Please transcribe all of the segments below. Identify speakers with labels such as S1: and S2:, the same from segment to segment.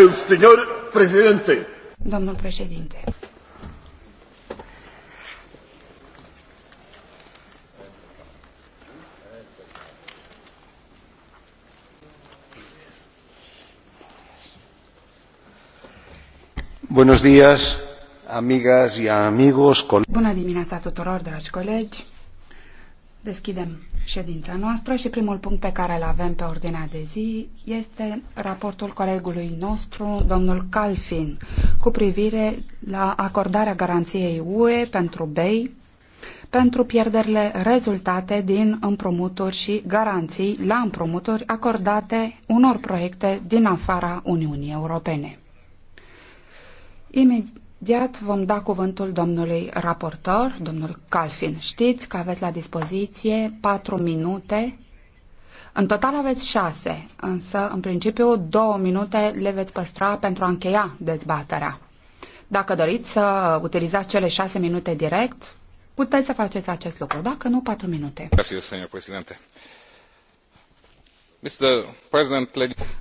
S1: El señor presidente.
S2: Domnul președinte.
S1: Buenos días, amigas y amigos. Bună
S2: dimineața tuturor, dragi colegi. Deschidem ședința noastră și primul punct pe care îl avem pe ordinea de zi este raportul colegului nostru, domnul Calfin, cu privire la acordarea garanției UE pentru BEI pentru pierderile rezultate din împrumuturi și garanții la împrumuturi acordate unor proiecte din afara Uniunii Europene. Imediat vom da cuvântul domnului raportor, domnul Calfin. Știți că aveți la dispoziție 4 minute. În total aveți 6, însă în principiu 2 minute le veți păstra pentru a încheia dezbaterea. Dacă doriți să utilizați cele 6 minute direct, puteți să faceți acest lucru. Dacă nu, 4 minute.
S1: Mulțumesc, domnule președinte.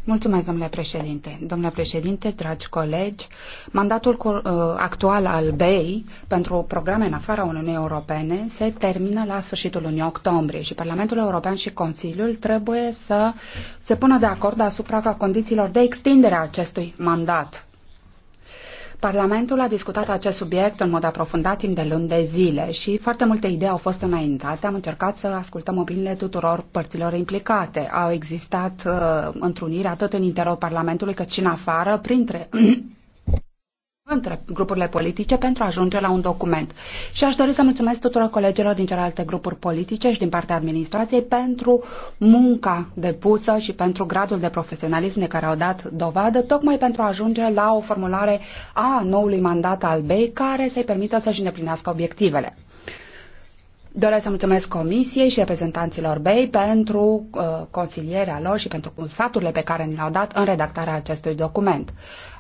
S2: Mulțumesc, domnule președinte. Domnule președinte, dragi colegi, mandatul uh, actual al BEI pentru programe în afara Uniunii Europene se termină la sfârșitul lunii octombrie și Parlamentul European și Consiliul trebuie să se pună de acord asupra condițiilor de extindere a acestui mandat Parlamentul a discutat acest subiect în mod aprofundat timp de luni de zile și foarte multe idei au fost înaintate. Am încercat să ascultăm opiniile tuturor părților implicate. Au existat uh, întruniri atât în interiorul Parlamentului cât și în afară, printre între grupurile politice pentru a ajunge la un document. Și aș dori să mulțumesc tuturor colegilor din celelalte grupuri politice și din partea administrației pentru munca depusă și pentru gradul de profesionalism de care au dat dovadă, tocmai pentru a ajunge la o formulare a noului mandat al BEI care să-i permită să-și îndeplinească obiectivele. Doresc să mulțumesc Comisiei și reprezentanților BEI pentru uh, consilierea lor și pentru sfaturile pe care ni le-au dat în redactarea acestui document.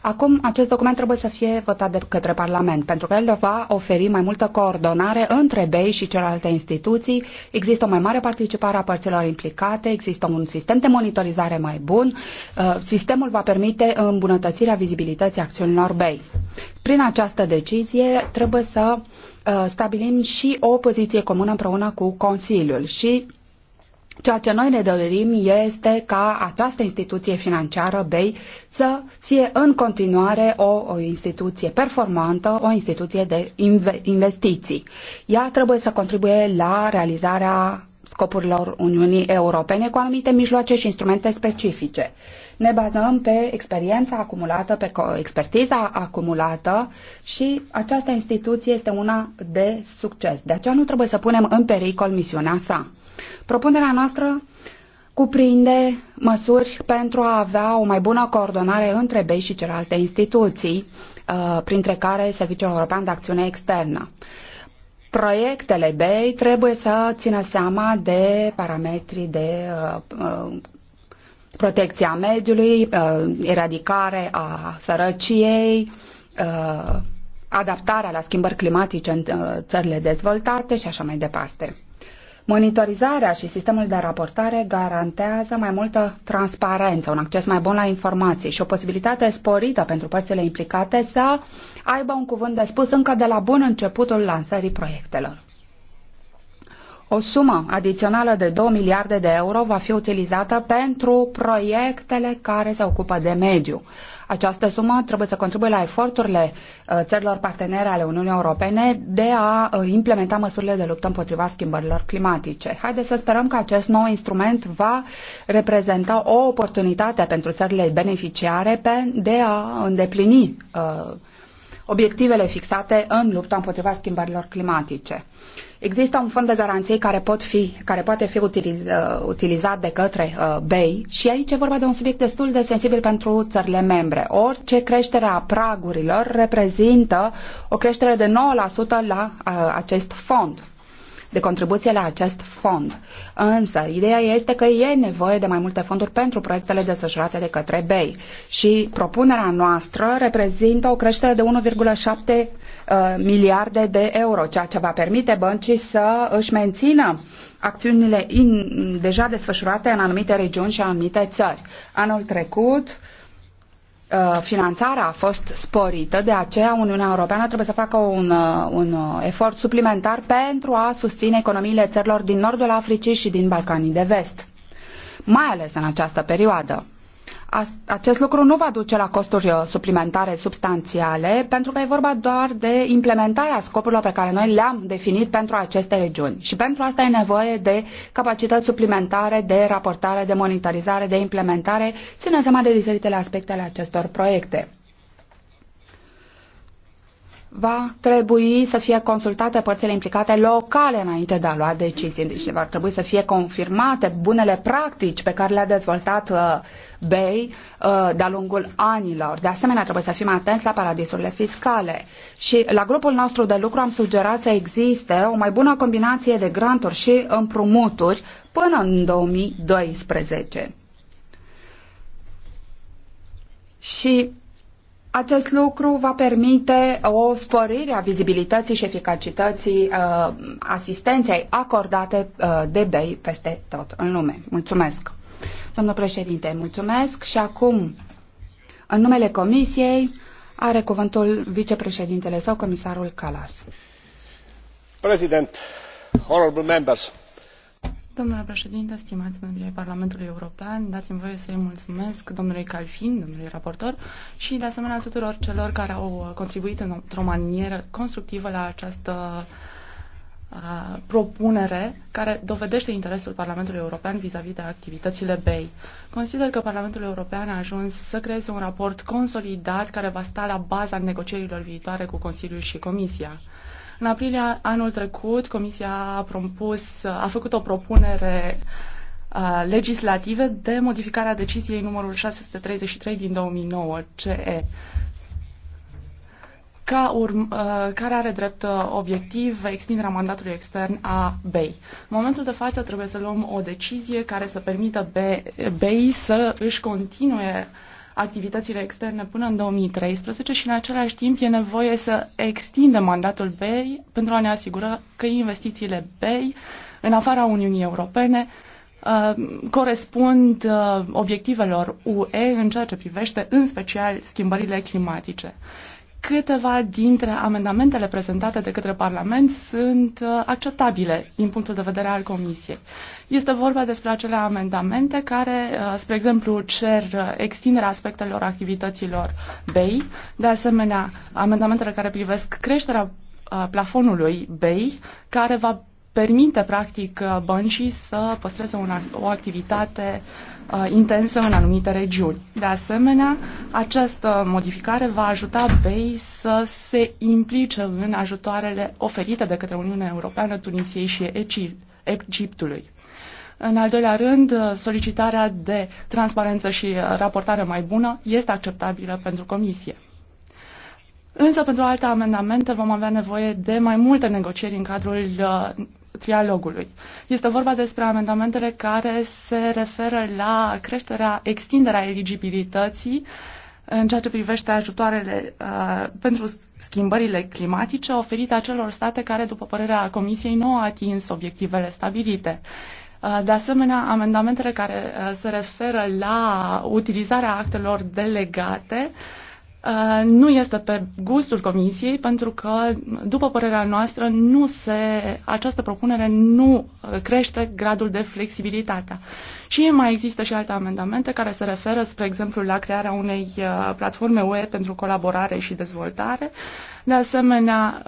S2: Acum acest document trebuie să fie votat de către Parlament, pentru că el va oferi mai multă coordonare între BEI și celelalte instituții, există o mai mare participare a părților implicate, există un sistem de monitorizare mai bun, uh, sistemul va permite îmbunătățirea vizibilității acțiunilor BEI. Prin această decizie trebuie să uh, stabilim și o poziție comună împreună cu Consiliul și Ceea ce noi ne dorim este ca această instituție financiară, BEI, să fie în continuare o, o instituție performantă, o instituție de investiții. Ea trebuie să contribuie la realizarea scopurilor Uniunii Europene cu anumite mijloace și instrumente specifice. Ne bazăm pe experiența acumulată, pe expertiza acumulată și această instituție este una de succes. De aceea nu trebuie să punem în pericol misiunea sa. Propunerea noastră cuprinde măsuri pentru a avea o mai bună coordonare între BEI și celelalte instituții, uh, printre care Serviciul European de Acțiune Externă. Proiectele BEI trebuie să țină seama de parametrii de uh, uh, protecția mediului, eradicare a sărăciei, adaptarea la schimbări climatice în țările dezvoltate și așa mai departe. Monitorizarea și sistemul de raportare garantează mai multă transparență, un acces mai bun la informații și o posibilitate sporită pentru părțile implicate să aibă un cuvânt de spus încă de la bun începutul lansării proiectelor. O sumă adițională de 2 miliarde de euro va fi utilizată pentru proiectele care se ocupă de mediu. Această sumă trebuie să contribuie la eforturile uh, țărilor partenere ale Uniunii Europene de a uh, implementa măsurile de luptă împotriva schimbărilor climatice. Haideți să sperăm că acest nou instrument va reprezenta o oportunitate pentru țările beneficiare de a îndeplini uh, obiectivele fixate în lupta împotriva schimbărilor climatice. Există un fond de garanție care, pot fi, care poate fi utiliz, uh, utilizat de către uh, BEI și aici e vorba de un subiect destul de sensibil pentru țările membre. Orice creștere a pragurilor reprezintă o creștere de 9% la uh, acest fond de contribuție la acest fond. Însă, ideea este că e nevoie de mai multe fonduri pentru proiectele desfășurate de către BEI și propunerea noastră reprezintă o creștere de 1,7 uh, miliarde de euro, ceea ce va permite băncii să își mențină acțiunile in, deja desfășurate în anumite regiuni și anumite țări. Anul trecut, uh, Uh, finanțarea a fost sporită, de aceea Uniunea Europeană trebuie să facă un, uh, un uh, efort suplimentar pentru a susține economiile țărilor din nordul Africii și din Balcanii de vest, mai ales în această perioadă acest lucru nu va duce la costuri uh, suplimentare substanțiale, pentru că e vorba doar de implementarea scopurilor pe care noi le-am definit pentru aceste regiuni. Și pentru asta e nevoie de capacități suplimentare de raportare, de monitorizare, de implementare, ținând seama de diferitele aspecte ale acestor proiecte va trebui să fie consultate părțile implicate locale înainte de a lua decizii. Deci va trebui să fie confirmate bunele practici pe care le-a dezvoltat uh, BEI uh, de-a lungul anilor. De asemenea, trebuie să fim atenți la paradisurile fiscale. Și la grupul nostru de lucru am sugerat să existe o mai bună combinație de granturi și împrumuturi până în 2012. Și acest lucru va permite o sporire a vizibilității și eficacității uh, asistenței acordate uh, de BEI peste tot în lume. Mulțumesc. Domnul președinte, mulțumesc și acum, în numele Comisiei, are cuvântul vicepreședintele sau comisarul Calas.
S1: President, honorable members,
S3: Domnule președinte, stimați membrii Parlamentului European, dați-mi voie să-i mulțumesc domnului Calfin, domnului raportor și de asemenea tuturor celor care au uh, contribuit într-o manieră constructivă la această uh, propunere care dovedește interesul Parlamentului European vis-a-vis -vis de activitățile BEI. Consider că Parlamentul European a ajuns să creeze un raport consolidat care va sta la baza negocierilor viitoare cu Consiliul și Comisia. În aprilie anul trecut, Comisia a propus, a făcut o propunere legislative de modificarea deciziei numărul 633 din 2009 CE ca urm, care are drept obiectiv extinderea mandatului extern a BEI. În momentul de față trebuie să luăm o decizie care să permită BEI să își continue uh, activitățile externe până în 2013 și în același timp e nevoie să extindem mandatul BEI pentru a ne asigura că investițiile BEI în afara Uniunii Europene uh, corespund uh, obiectivelor UE în ceea ce privește în special schimbările climatice câteva dintre amendamentele prezentate de către Parlament sunt uh, acceptabile din punctul de vedere al Comisiei. Este vorba despre acele amendamente care, uh, spre exemplu, cer uh, extinderea aspectelor activităților BEI, de asemenea, amendamentele care privesc creșterea plafonului BEI, care va permite practic băncii să păstreze una, o activitate uh, intensă în anumite regiuni. De asemenea, această modificare va ajuta BEI să se implice în ajutoarele oferite de către Uniunea Europeană Tunisiei și Egiptului. În al doilea rând, solicitarea de transparență și raportare mai bună este acceptabilă pentru Comisie. Însă, pentru alte amendamente vom avea nevoie de mai multe negocieri în cadrul uh, trialogului. Este vorba despre amendamentele care se referă la creșterea, extinderea eligibilității în ceea ce privește ajutoarele uh, pentru schimbările climatice oferite acelor state care, după părerea Comisiei, nu au atins obiectivele stabilite. Uh, de asemenea, amendamentele care uh, se referă la utilizarea actelor delegate uh, Uh, nu este pe gustul comisiei pentru că, după părerea noastră, nu se, această propunere nu uh, crește gradul de flexibilitate. Și mai există și alte amendamente care se referă, spre exemplu, la crearea unei uh, platforme UE pentru colaborare și dezvoltare, de asemenea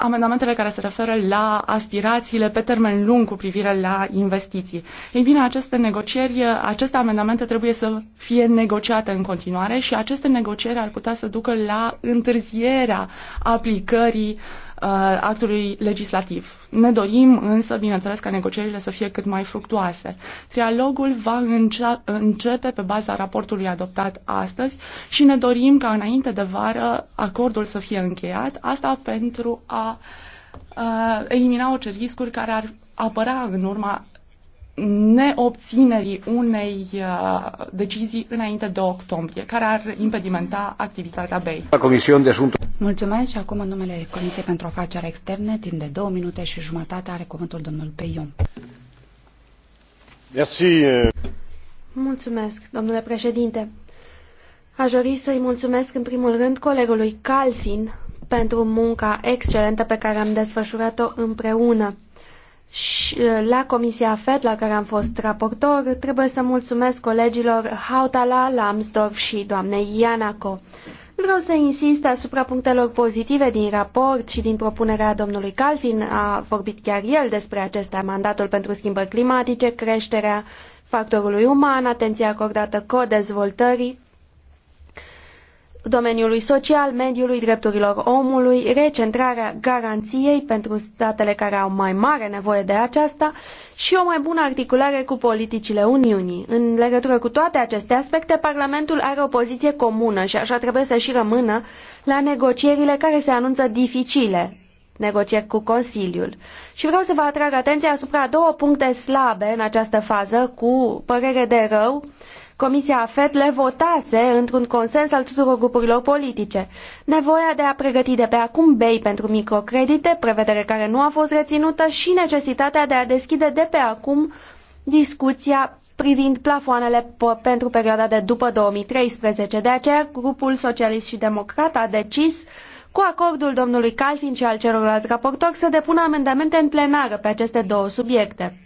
S3: amendamentele care se referă la aspirațiile pe termen lung cu privire la investiții. Ei bine, aceste negocieri, aceste amendamente trebuie să fie negociate în continuare și aceste negocieri ar putea să ducă la întârzierea aplicării uh, Uh, actului legislativ. Ne dorim însă, bineînțeles, ca negocierile să fie cât mai fructuoase. Trialogul va începe pe baza raportului adoptat astăzi și ne dorim ca înainte de vară acordul să fie încheiat, asta pentru a uh, elimina orice riscuri care ar apărea în urma neobținerii unei uh, decizii înainte de octombrie, care ar impedimenta activitatea BEI.
S2: Mulțumesc și acum în numele Comisiei pentru Afaceri Externe, timp de două minute și jumătate, are cuvântul domnul Peion.
S1: Merci. Uh.
S2: Mulțumesc, domnule
S4: președinte. Aș dori să-i mulțumesc în primul rând colegului Calfin pentru munca excelentă pe care am desfășurat-o împreună. Și uh, la Comisia FED, la care am fost raportor, trebuie să mulțumesc colegilor Hautala, Lambsdorff și doamnei Ianaco. Vreau să insist asupra punctelor pozitive din raport și din propunerea domnului Calvin. A vorbit chiar el despre acestea, mandatul pentru schimbări climatice, creșterea factorului uman, atenția acordată co-dezvoltării, domeniului social, mediului, drepturilor omului, recentrarea garanției pentru statele care au mai mare nevoie de aceasta și o mai bună articulare cu politicile Uniunii. În legătură cu toate aceste aspecte, Parlamentul are o poziție comună și așa trebuie să și rămână la negocierile care se anunță dificile negocieri cu Consiliul. Și vreau să vă atrag atenția asupra două puncte slabe în această fază, cu părere de rău, Comisia AFET le votase într-un consens al tuturor grupurilor politice. Nevoia de a pregăti de pe acum BEI pentru microcredite, prevedere care nu a fost reținută și necesitatea de a deschide de pe acum discuția privind plafoanele pentru perioada de după 2013. De aceea, grupul socialist și democrat a decis cu acordul domnului Calfin și al celorlalți raportori să depună amendamente în plenară pe aceste două subiecte.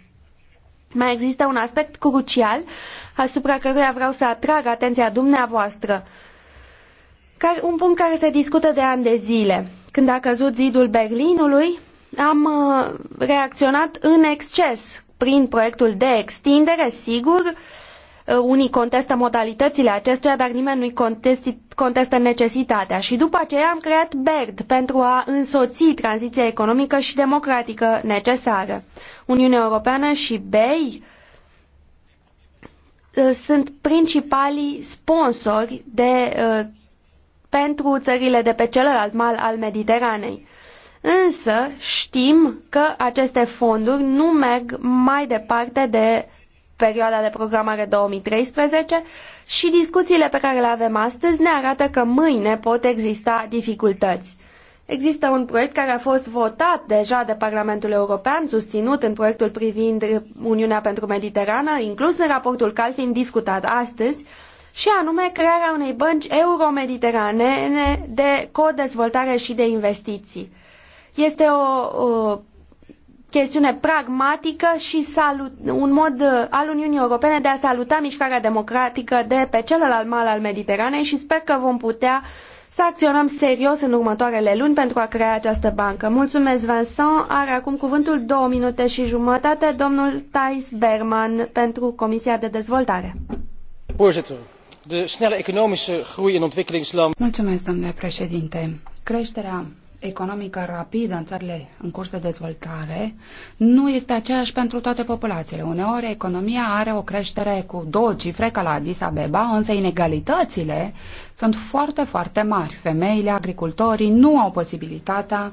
S4: Mai există un aspect crucial asupra căruia vreau să atrag atenția dumneavoastră. Care, un punct care se discută de ani de zile. Când a căzut zidul Berlinului, am uh, reacționat în exces prin proiectul de extindere, sigur, uh, Uh, unii contestă modalitățile acestuia, dar nimeni nu-i contestă necesitatea. Și după aceea am creat BERD pentru a însoți tranziția economică și democratică necesară. Uniunea Europeană și BEI uh, sunt principalii sponsori de, uh, pentru țările de pe celălalt mal al Mediteranei. Însă știm că aceste fonduri nu merg mai departe de perioada de programare 2013 și discuțiile pe care le avem astăzi ne arată că mâine pot exista dificultăți. Există un proiect care a fost votat deja de Parlamentul European, susținut în proiectul privind Uniunea pentru Mediterană, inclus în raportul Calfin discutat astăzi, și anume crearea unei bănci euromediterane de codezvoltare și de investiții. Este o, o chestiune pragmatică și salut, un mod uh, al Uniunii Europene de a saluta mișcarea democratică de pe celălalt mal al Mediteranei și sper că vom putea să acționăm serios în următoarele luni pentru a crea această bancă. Mulțumesc, Vincent. Are acum cuvântul două minute și jumătate domnul Thais Berman pentru Comisia de Dezvoltare.
S1: Voorzitter, de snelle economische groei in ontwikkelingsland.
S2: Mulțumesc, domnule președinte. Creșterea economică rapidă în țările în curs de dezvoltare nu este aceeași pentru toate populațiile. Uneori economia are o creștere cu două cifre ca la Addis Abeba, însă inegalitățile sunt foarte, foarte mari. Femeile, agricultorii nu au posibilitatea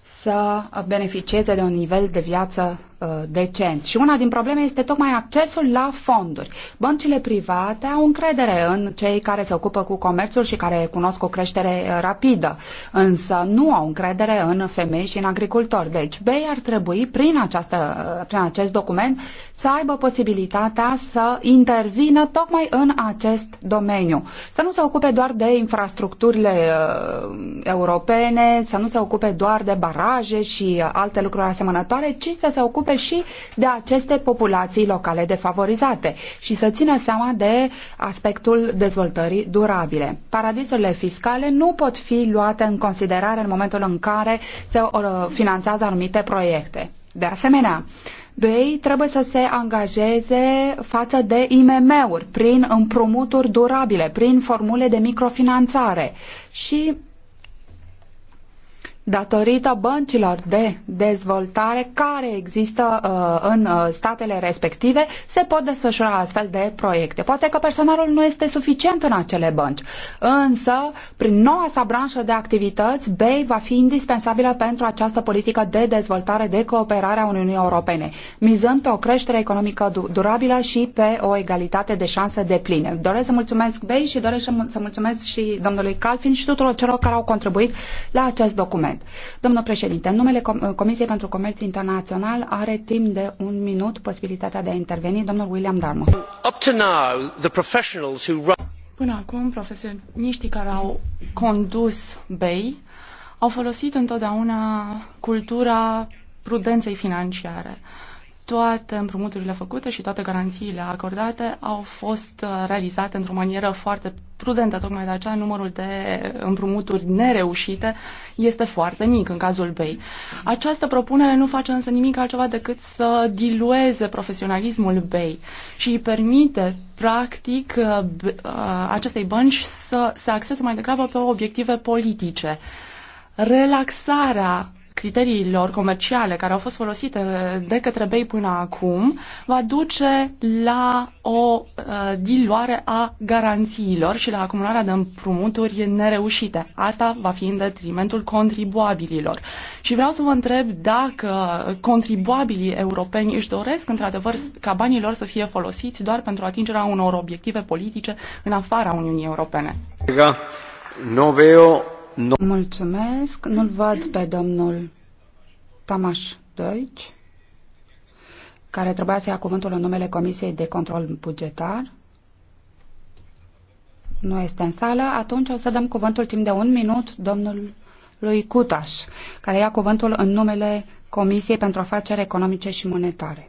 S2: să beneficieze de un nivel de viață Uh, decent. Și una din probleme este tocmai accesul la fonduri. Băncile private au încredere în cei care se ocupă cu comerțul și care cunosc o creștere uh, rapidă, însă nu au încredere în femei și în agricultori. Deci BEI ar trebui, prin, această, uh, prin acest document, să aibă posibilitatea să intervină tocmai în acest domeniu. Să nu se ocupe doar de infrastructurile uh, europene, să nu se ocupe doar de baraje și alte lucruri asemănătoare, ci să se ocupe ocupe și de aceste populații locale defavorizate și să țină seama de aspectul dezvoltării durabile. Paradisurile fiscale nu pot fi luate în considerare în momentul în care se uh, finanțează anumite proiecte. De asemenea, BEI trebuie să se angajeze față de IMM-uri prin împrumuturi durabile, prin formule de microfinanțare și datorită băncilor de dezvoltare care există uh, în uh, statele respective, se pot desfășura astfel de proiecte. Poate că personalul nu este suficient în acele bănci, însă, prin noua sa branșă de activități, BEI va fi indispensabilă pentru această politică de dezvoltare, de cooperare a Uniunii Europene, mizând pe o creștere economică durabilă și pe o egalitate de șanse de pline. Doresc să mulțumesc BEI și doresc să mulțumesc și domnului Calfin și tuturor celor care au contribuit la acest document. Parlament. Domnul președinte, în numele Comisiei pentru Comerț Internațional are timp de un minut posibilitatea de a interveni domnul William Darmo.
S3: Până acum, profesioniștii care au condus BEI au folosit întotdeauna cultura prudenței financiare. Uh, toate împrumuturile făcute și toate garanțiile acordate au fost uh, realizate într-o manieră foarte prudentă. Tocmai de aceea numărul de împrumuturi nereușite este foarte mic în cazul BEI. Această propunere nu face însă nimic altceva decât să dilueze profesionalismul BEI și îi permite practic uh, uh, acestei bănci să se axeze mai degrabă pe obiective politice relaxarea criteriilor comerciale care au fost folosite de către BEI până acum va duce la o uh, diluare a garanțiilor și la acumularea de împrumuturi nereușite. Asta va fi în detrimentul contribuabililor. Și vreau să vă întreb dacă contribuabilii europeni își doresc într-adevăr ca banii lor să fie folosiți doar pentru atingerea unor obiective politice în afara Uniunii Europene.
S2: No veo Mulțumesc. Nu-l văd pe domnul Tamaș Deutsch, care trebuia să ia cuvântul în numele Comisiei de Control Bugetar. Nu este în sală. Atunci o să dăm cuvântul timp de un minut domnului Cutaș, care ia cuvântul în numele Comisiei pentru Afaceri Economice și Monetare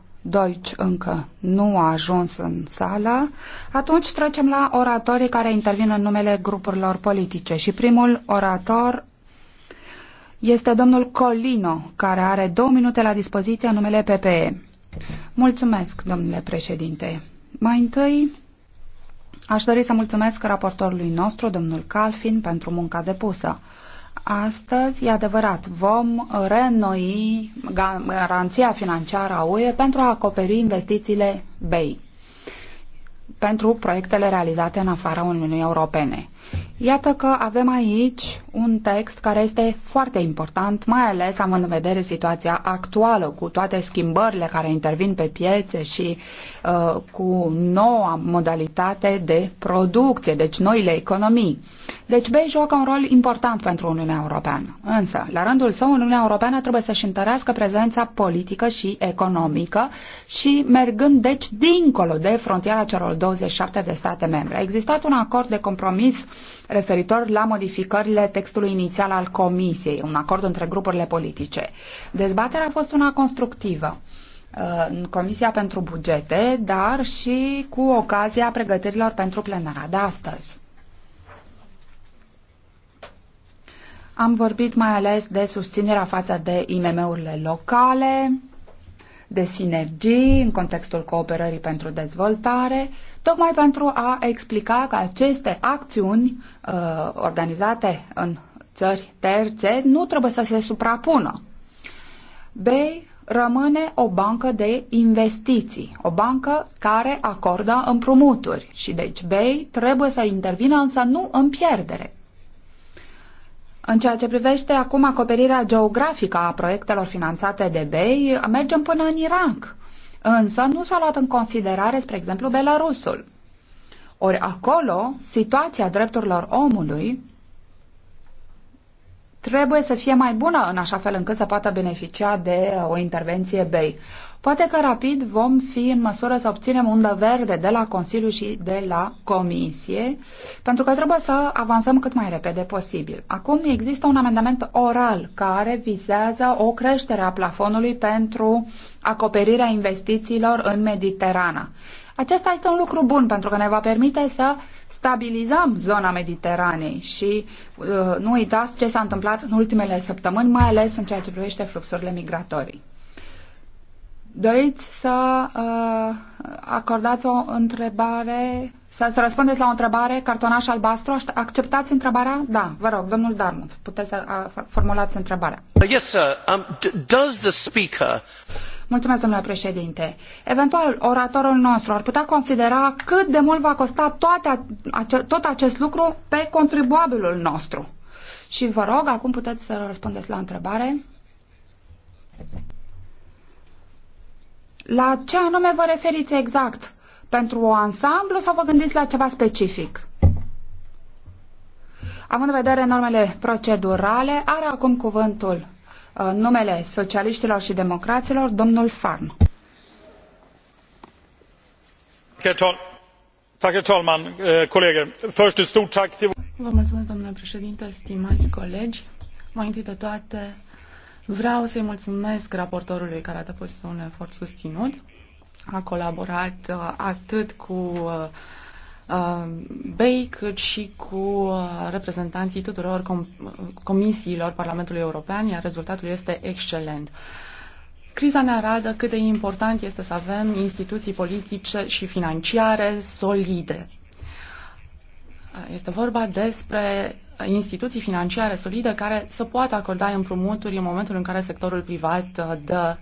S2: Deutsch încă nu a ajuns în sală, atunci trecem la oratorii care intervin în numele grupurilor politice. Și primul orator este domnul Colino, care are două minute la dispoziție în numele PPE. Mulțumesc, domnule președinte. Mai întâi, aș dori să mulțumesc raportorului nostru, domnul Calfin, pentru munca depusă. Astăzi, e adevărat, vom reînnoi garanția financiară a UE pentru a acoperi investițiile BEI pentru proiectele realizate în afara Uniunii Europene. Iată că avem aici un text care este foarte important, mai ales având în vedere situația actuală cu toate schimbările care intervin pe piețe și uh, cu noua modalitate de producție, deci noile economii. Deci BEI joacă un rol important pentru Uniunea Europeană. Însă, la rândul său, Uniunea Europeană trebuie să-și întărească prezența politică și economică și mergând, deci, dincolo de frontiera celor 27 de state membre. A existat un acord de compromis referitor la modificările textului inițial al Comisiei, un acord între grupurile politice. Dezbaterea a fost una constructivă uh, în Comisia pentru Bugete, dar și cu ocazia pregătirilor pentru plenara de astăzi. Am vorbit mai ales de susținerea față de IMM-urile locale, de sinergii în contextul cooperării pentru dezvoltare tocmai pentru a explica că aceste acțiuni uh, organizate în țări terțe nu trebuie să se suprapună. B. rămâne o bancă de investiții, o bancă care acordă împrumuturi și deci B. trebuie să intervină însă nu în pierdere. În ceea ce privește acum acoperirea geografică a proiectelor finanțate de BEI, mergem până în Irak. Însă nu s-a luat în considerare, spre exemplu, Belarusul. Ori acolo, situația drepturilor omului trebuie să fie mai bună în așa fel încât să poată beneficia de uh, o intervenție BEI. Poate că rapid vom fi în măsură să obținem undă verde de la Consiliu și de la Comisie, pentru că trebuie să avansăm cât mai repede posibil. Acum există un amendament oral care vizează o creștere a plafonului pentru acoperirea investițiilor în Mediterana. Acesta este un lucru bun pentru că ne va permite să stabilizăm zona Mediteranei și uh, nu uitați ce s-a întâmplat în ultimele săptămâni, mai ales în ceea ce privește fluxurile migratorii. Doriți să uh, acordați o întrebare, să, să răspundeți la o întrebare, cartonaș albastru, acceptați întrebarea? Da, vă rog, domnul Darmuth, puteți să uh, formulați întrebarea.
S4: Yes, sir. Um, does the
S2: speaker... Mulțumesc, domnule președinte. Eventual, oratorul nostru ar putea considera cât de mult va costa toate, tot acest lucru pe contribuabilul nostru. Și vă rog, acum puteți să răspundeți la întrebare. La ce anume vă referiți exact? Pentru o ansamblu sau vă gândiți la ceva specific? Având în vedere normele procedurale, are acum cuvântul Uh, numele socialiștilor și democraților, domnul Farm. Eh,
S3: Vă mulțumesc, domnule președinte, stimați colegi. Mai întâi de toate, vreau să-i mulțumesc raportorului care a depus un efort susținut. A colaborat uh, atât cu uh, Uh, BEI, cât și cu uh, reprezentanții tuturor com- uh, comisiilor Parlamentului European, iar rezultatul este excelent. Criza ne arată cât de important este să avem instituții politice și financiare solide. Este vorba despre instituții financiare solide care să poată acorda împrumuturi în momentul în care sectorul privat dă,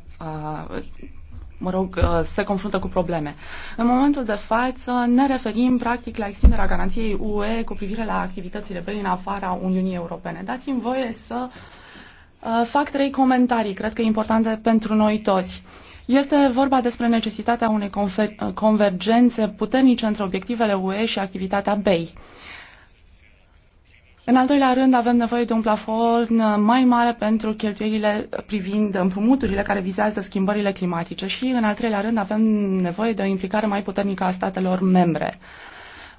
S3: mă rog, uh, se confruntă cu probleme. În momentul de față ne referim practic la extinderea garanției UE cu privire la activitățile pe din afara Uniunii Europene. Dați-mi voie să uh, fac trei comentarii, cred că importante pentru noi toți. Este vorba despre necesitatea unei uh, convergențe puternice între obiectivele UE și activitatea BEI. Uh, în al doilea rând, avem nevoie de un plafon uh, mai mare pentru cheltuielile privind împrumuturile care vizează schimbările climatice și, în al treilea rând, avem nevoie de o implicare mai puternică a statelor membre.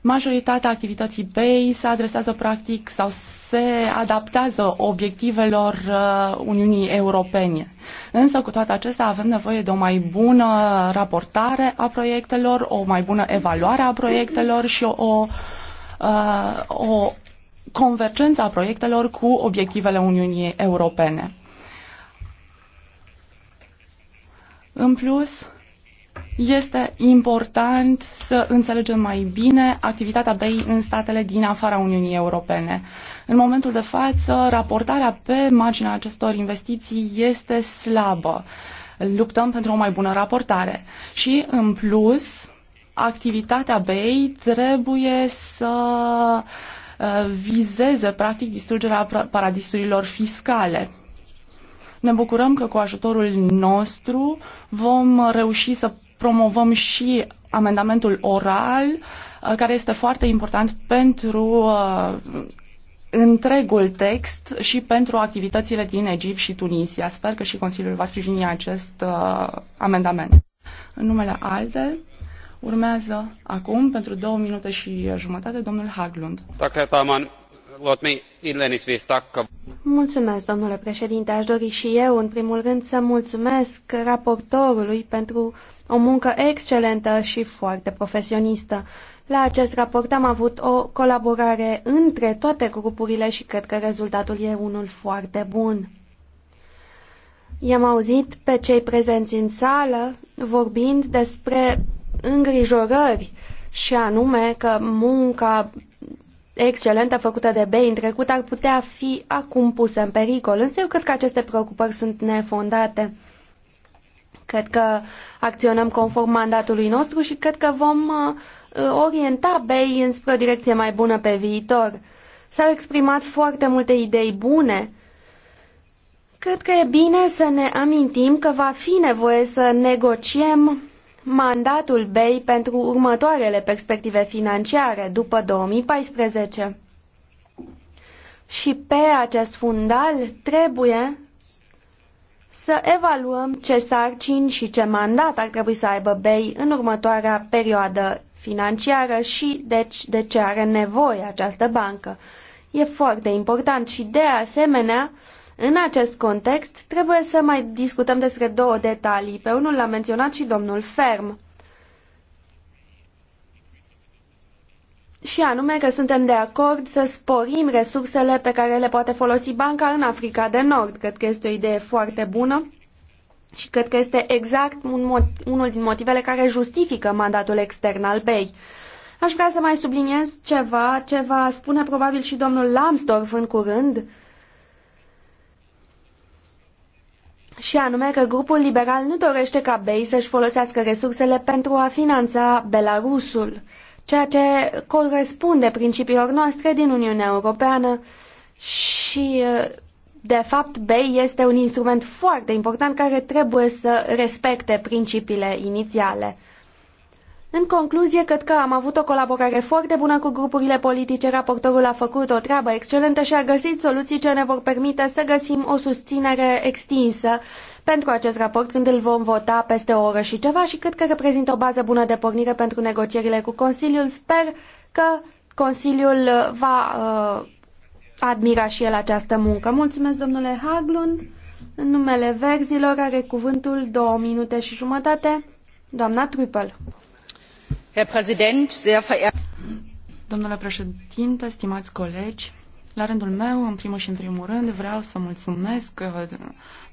S3: Majoritatea activității BEI se adresează practic sau se adaptează obiectivelor uh, Uniunii Europene. Însă, cu toate acestea, avem nevoie de o mai bună raportare a proiectelor, o mai bună evaluare a proiectelor și o, uh, o, o convergența proiectelor cu obiectivele Uniunii Europene. În plus, este important să înțelegem mai bine activitatea BEI în statele din afara Uniunii Europene. În momentul de față, raportarea pe marginea acestor investiții este slabă. Luptăm pentru o mai bună raportare. Și, în plus, activitatea BEI trebuie să uh, vizeze practic distrugerea paradisurilor fiscale. Ne bucurăm că cu ajutorul nostru vom reuși să promovăm și amendamentul oral, uh, care este foarte important pentru uh, întregul text și pentru activitățile din Egipt și Tunisia. Sper că și Consiliul va sprijini acest uh, amendament. În numele ALDE, Urmează acum, pentru două minute și jumătate, domnul Haglund.
S4: Mulțumesc, domnule președinte. Aș dori și eu, în primul rând, să mulțumesc raportorului pentru o muncă excelentă și foarte profesionistă. La acest raport am avut o colaborare între toate grupurile și cred că rezultatul e unul foarte bun. I-am auzit pe cei prezenți în sală vorbind despre îngrijorări și anume că munca excelentă făcută de bei în trecut ar putea fi acum pusă în pericol. Însă eu cred că aceste preocupări sunt nefondate. Cred că acționăm conform mandatului nostru și cred că vom uh, orienta BEI înspre o direcție mai bună pe viitor. S-au exprimat foarte multe idei bune. Cred că e bine să ne amintim că va fi nevoie să negociem mandatul BEI pentru următoarele perspective financiare după 2014. Și pe acest fundal trebuie să evaluăm ce sarcini și ce mandat ar trebui să aibă BEI în următoarea perioadă financiară și deci de ce are nevoie această bancă. E foarte important și de asemenea în acest context, trebuie să mai discutăm despre două detalii. Pe unul l-a menționat și domnul Ferm. Și anume că suntem de acord să sporim resursele pe care le poate folosi banca în Africa de Nord. Cred că este o idee foarte bună și cred că este exact un unul din motivele care justifică mandatul extern al BEI. Aș vrea să mai subliniez ceva, ce va spune probabil și domnul Lambsdorff în curând, și anume că grupul liberal nu dorește ca BEI să-și folosească resursele pentru a finanța Belarusul, ceea ce corespunde principiilor noastre din Uniunea Europeană și, de fapt, BEI este un instrument foarte important care trebuie să respecte principiile inițiale. În concluzie, cred că am avut o colaborare foarte bună cu grupurile politice, raportorul a făcut o treabă excelentă și a găsit soluții ce ne vor permite să găsim o susținere extinsă pentru acest raport când îl vom vota peste o oră și ceva și cred că reprezintă o bază bună de pornire pentru negocierile cu Consiliul. Sper că Consiliul va uh, admira și el această muncă. Mulțumesc, domnule Haglund. În numele verzilor are cuvântul două minute și jumătate. Doamna Trupel.
S3: Domnule președinte, stimați colegi, la rândul meu, în primul și în primul rând, vreau să mulțumesc uh,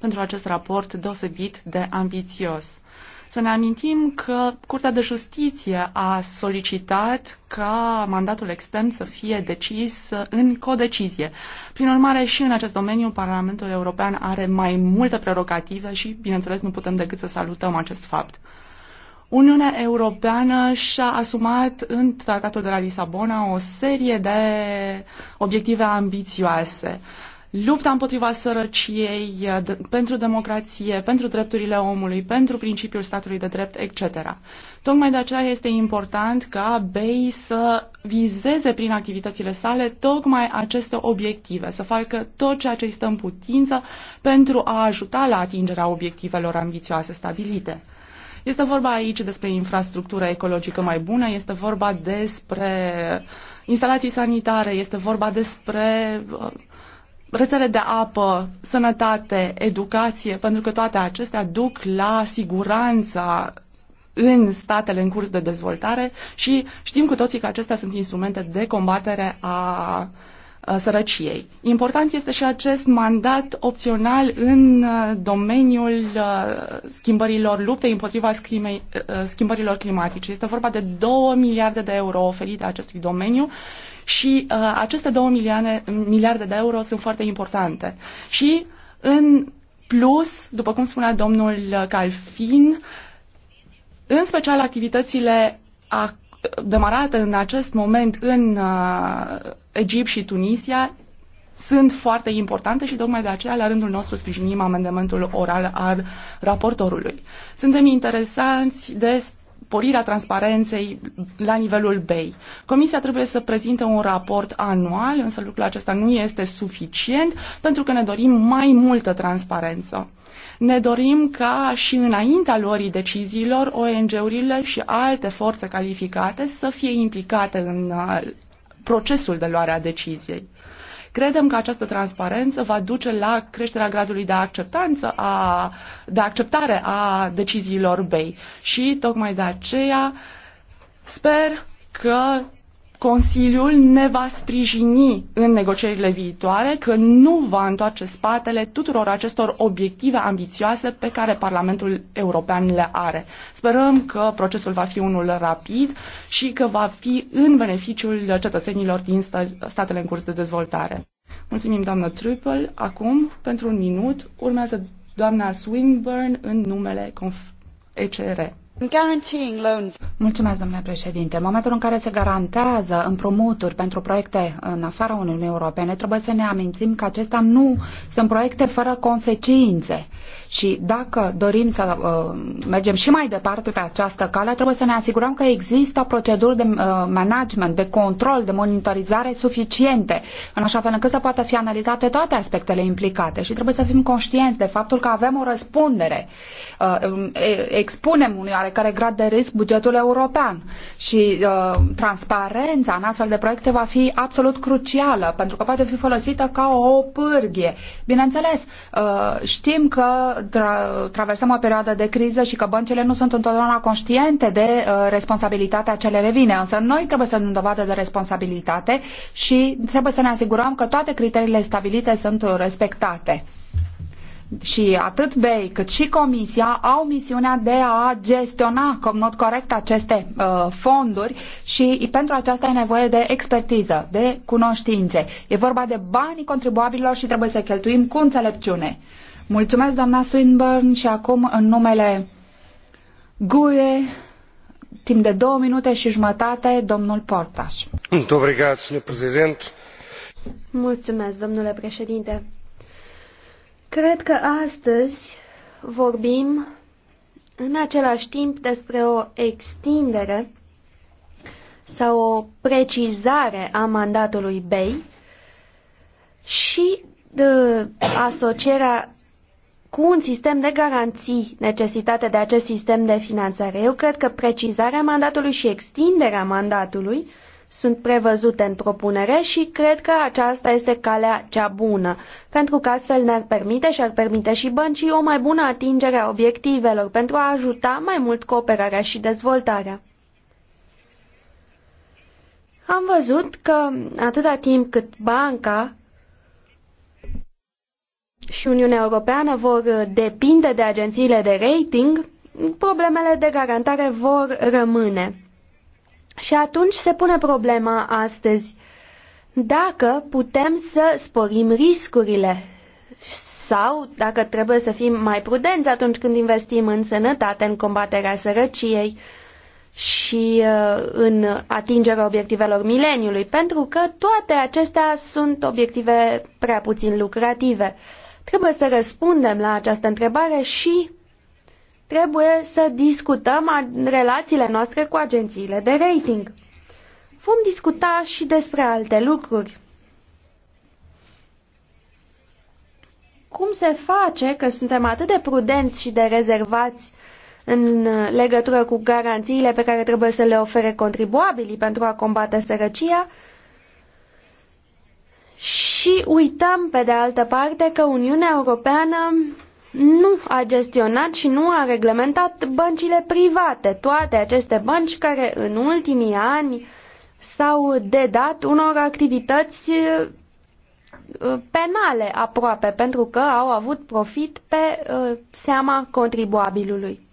S3: pentru acest raport deosebit de ambițios. Să ne amintim că Curtea de Justiție a solicitat ca mandatul extern să fie decis uh, în codecizie. Prin urmare, și în acest domeniu, Parlamentul European are mai multe prerogative și, bineînțeles, nu putem decât să salutăm acest fapt. Uniunea Europeană și-a asumat în tratatul de la Lisabona o serie de obiective ambițioase. Lupta împotriva sărăciei, de, pentru democrație, pentru drepturile omului, pentru principiul statului de drept, etc. Tocmai de aceea este important ca BEI să vizeze prin activitățile sale tocmai aceste obiective, să facă tot ceea ce îi stă în putință pentru a ajuta la atingerea obiectivelor ambițioase stabilite. Este vorba aici despre infrastructură ecologică mai bună, este vorba despre instalații sanitare, este vorba despre uh, rețele de apă, sănătate, educație, pentru că toate acestea duc la siguranța în statele în curs de dezvoltare și știm cu toții că acestea sunt instrumente de combatere a Uh, sărăciei. Important este și acest mandat opțional în uh, domeniul uh, schimbărilor luptei împotriva schimbărilor climatice. Este vorba de 2 miliarde de euro oferite acestui domeniu și aceste 2 miliarde, miliarde de euro sunt foarte importante. Și în plus, după cum spunea domnul Calfin, în special activitățile a demarate în acest moment în uh, Egipt și Tunisia sunt foarte importante și tocmai de aceea, la rândul nostru, sprijinim amendamentul oral al raportorului. Suntem interesanți de sporirea transparenței la nivelul BEI. Comisia trebuie să prezinte un raport anual, însă lucrul acesta nu este suficient pentru că ne dorim mai multă transparență. Ne dorim ca și înaintea luării deciziilor ONG-urile și alte forțe calificate să fie implicate în uh, procesul de luare a deciziei. Credem că această transparență va duce la creșterea gradului de acceptanță a, de acceptare a deciziilor BEI și tocmai de aceea sper că Consiliul ne va sprijini în negocierile viitoare că nu va întoarce spatele tuturor acestor obiective ambițioase pe care Parlamentul European le are. Sperăm că procesul va fi unul rapid și că va fi în beneficiul cetățenilor din statele în curs de dezvoltare. Mulțumim, doamnă Trüppel. Acum, pentru un minut, urmează doamna Swinburne în numele ECR.
S2: Mulțumesc, domnule președinte. În momentul în care se garantează împrumuturi pentru proiecte în afara Uniunii Europene, trebuie să ne amintim că acestea nu sunt proiecte fără consecințe. Și dacă dorim să uh, mergem și mai departe pe această cale, trebuie să ne asigurăm că există proceduri de uh, management, de control, de monitorizare suficiente, în așa fel încât să poată fi analizate toate aspectele implicate. Și trebuie să fim conștienți de faptul că avem o răspundere. Uh, um, expunem unui oarecare grad de risc bugetul european și uh, transparența în astfel de proiecte va fi absolut crucială pentru că poate fi folosită ca o pârghie. Bineînțeles, uh, știm că tra- traversăm o perioadă de criză și că băncile nu sunt întotdeauna conștiente de uh, responsabilitatea ce le revine, însă noi trebuie să ne dovadă de responsabilitate și trebuie să ne asigurăm că toate criteriile stabilite sunt respectate și atât BEI cât și Comisia au misiunea de a gestiona în mod corect aceste uh, fonduri și pentru aceasta e nevoie de expertiză, de cunoștințe. E vorba de banii contribuabililor și trebuie să cheltuim cu înțelepciune. Mulțumesc, doamna Swinburne, și acum în numele GUE, timp de două minute și jumătate, domnul Portaș. Mulțumesc,
S4: domnule președinte. Cred că astăzi vorbim în același timp despre o extindere sau o precizare a mandatului BEI și de asocierea cu un sistem de garanții necesitate de acest sistem de finanțare. Eu cred că precizarea mandatului și extinderea mandatului sunt prevăzute în propunere și cred că aceasta este calea cea bună, pentru că astfel ne-ar permite și ar permite și băncii o mai bună atingere a obiectivelor pentru a ajuta mai mult cooperarea și dezvoltarea. Am văzut că atâta timp cât banca și Uniunea Europeană vor depinde de agențiile de rating, problemele de garantare vor rămâne. Și atunci se pune problema astăzi dacă putem să sporim riscurile sau dacă trebuie să fim mai prudenți atunci când investim în sănătate, în combaterea sărăciei și uh, în atingerea obiectivelor mileniului, pentru că toate acestea sunt obiective prea puțin lucrative. Trebuie să răspundem la această întrebare și Trebuie să discutăm relațiile noastre cu agențiile de rating. Vom discuta și despre alte lucruri. Cum se face că suntem atât de prudenți și de rezervați în uh, legătură cu garanțiile pe care trebuie să le ofere contribuabilii pentru a combate sărăcia și uităm, pe de altă parte, că Uniunea Europeană nu a gestionat și nu a reglementat băncile private, toate aceste bănci care în ultimii ani s-au dedat unor activități uh, penale aproape, pentru că au avut profit pe uh, seama contribuabilului.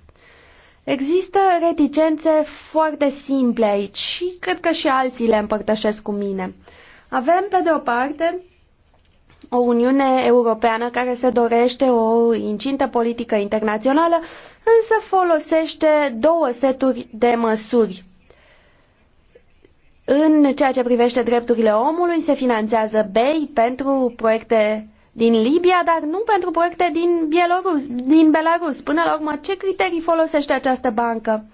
S4: Există reticențe foarte simple aici și cred că și alții le împărtășesc cu mine. Avem, pe de o parte, o Uniune Europeană care se dorește o incintă politică internațională, însă folosește două seturi de măsuri. În ceea ce privește drepturile omului, se finanțează BEI pentru proiecte din Libia, dar nu pentru proiecte din, Bielorus, din Belarus. Până la urmă, ce criterii folosește această bancă?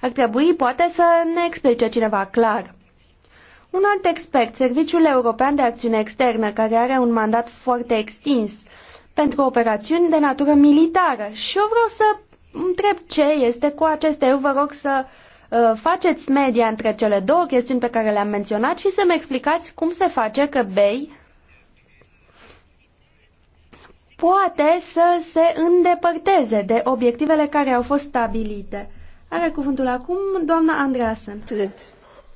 S4: Ar trebui, poate, să ne explice cineva clar. Un alt expert, Serviciul European de Acțiune Externă, care are un mandat foarte extins pentru operațiuni de natură militară. Și eu vreau să întreb ce este cu aceste Eu vă rog să uh, faceți media între cele două chestiuni pe care le-am menționat și să-mi explicați cum se face că BEI poate să se îndepărteze de obiectivele care au fost stabilite. Are cuvântul acum doamna Andreasen. President.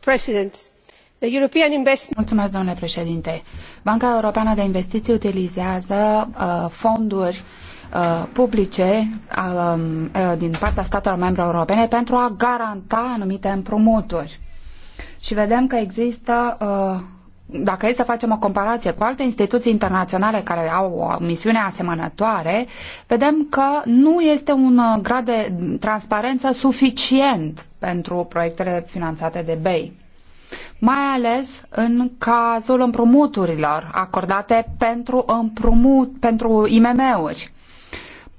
S2: President domnule președinte. Banca Europeană de Investiții utilizează uh, fonduri uh, publice um, uh, din partea statelor membre europene pentru a garanta anumite împrumuturi. Și vedem că există uh, dacă e să facem o comparație cu alte instituții internaționale care au o misiune asemănătoare, vedem că nu este un grad de transparență suficient pentru proiectele finanțate de BEI mai ales în cazul împrumuturilor acordate pentru, împrumut, pentru IMM-uri.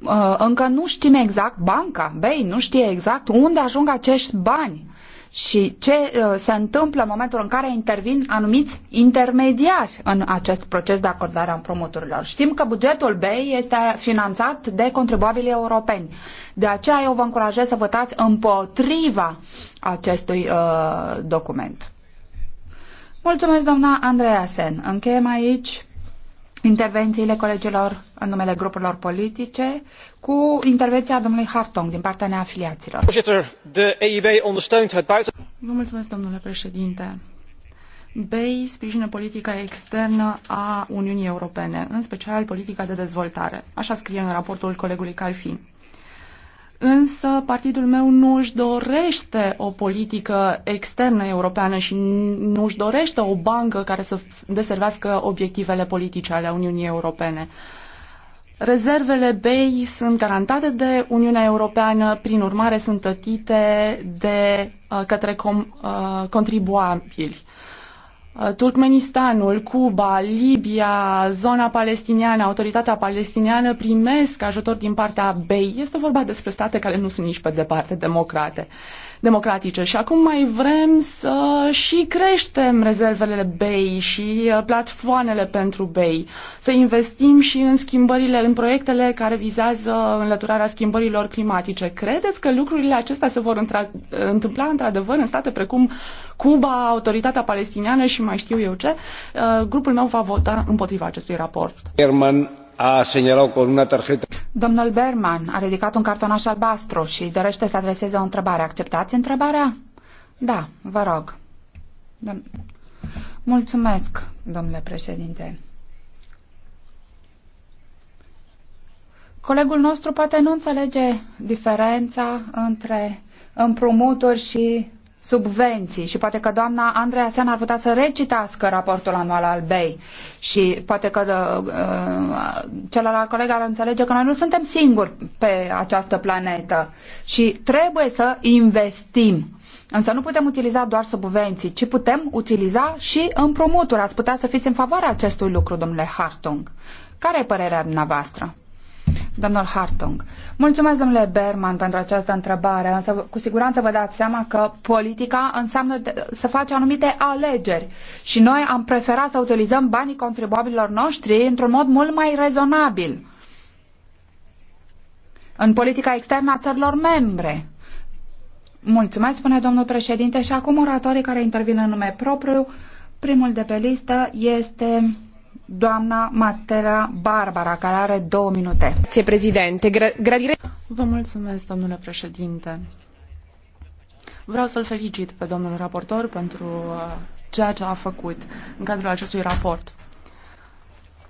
S2: Uh, încă nu știm exact banca, bei, nu știe exact unde ajung acești bani și ce uh, se întâmplă în momentul în care intervin anumiți intermediari în acest proces de acordare a împrumuturilor. Știm că bugetul BEI este finanțat de contribuabilii europeni. De aceea eu vă încurajez să votați împotriva acestui uh, document. Mulțumesc, doamna Andreasen. Încheiem aici intervențiile colegilor în numele grupurilor politice cu intervenția domnului
S3: Hartong din partea neafiliaților. Vă mulțumesc, domnule președinte. BEI sprijină politica externă a Uniunii Europene, în special politica de dezvoltare. Așa scrie în raportul colegului Calfin. Însă partidul meu nu își dorește o politică externă europeană și nu își dorește o bancă care să deservească obiectivele politice ale Uniunii Europene. Rezervele BEI sunt garantate de Uniunea Europeană, prin urmare sunt plătite de uh, către com, uh, contribuabili. Uh, Uh, Turkmenistanul, Cuba, Libia, zona palestiniană, autoritatea palestiniană primesc ajutor din partea BEI. Este vorba despre state care nu sunt nici pe departe democrate democratice și acum mai vrem să și creștem rezervele BEI și uh, platformele pentru BEI, să investim și în schimbările, în proiectele care vizează înlăturarea schimbărilor climatice. Credeți că lucrurile acestea se vor întâmpla într-adevăr în state precum Cuba, autoritatea palestiniană și mai știu eu ce? Uh, grupul meu va vota împotriva acestui
S1: raport a señalado con una tarjeta.
S3: Domnul Berman a ridicat un cartonaș
S2: albastru și dorește să adreseze o întrebare. Acceptați întrebarea? Da, vă rog. Dom Mulțumesc, domnule președinte. Colegul nostru poate nu înțelege diferența între împrumuturi și subvenții și poate că doamna Andreea Sen ar putea să recitească raportul anual al BEI și poate că de, uh, celălalt coleg ar înțelege că noi nu suntem singuri pe această planetă și trebuie să investim. Însă nu putem utiliza doar subvenții, ci putem utiliza și împrumuturi. Ați putea să fiți în favoarea acestui lucru, domnule Hartung. Care e părerea dumneavoastră? Domnul Hartung. Mulțumesc, domnule Berman, pentru această întrebare, însă cu siguranță vă dați seama că politica înseamnă să faci anumite alegeri și noi am preferat să utilizăm banii contribuabililor noștri într-un mod mult mai rezonabil în politica externă a țărilor membre. Mulțumesc, spune domnul președinte, și acum oratorii care intervin în nume propriu. Primul de pe listă este doamna Matera Barbara, care are două minute. Ție, prezidente,
S3: gradire... Vă
S2: mulțumesc,
S3: domnule președinte. Vreau să-l felicit pe domnul raportor pentru uh, ceea ce a făcut în cadrul acestui raport.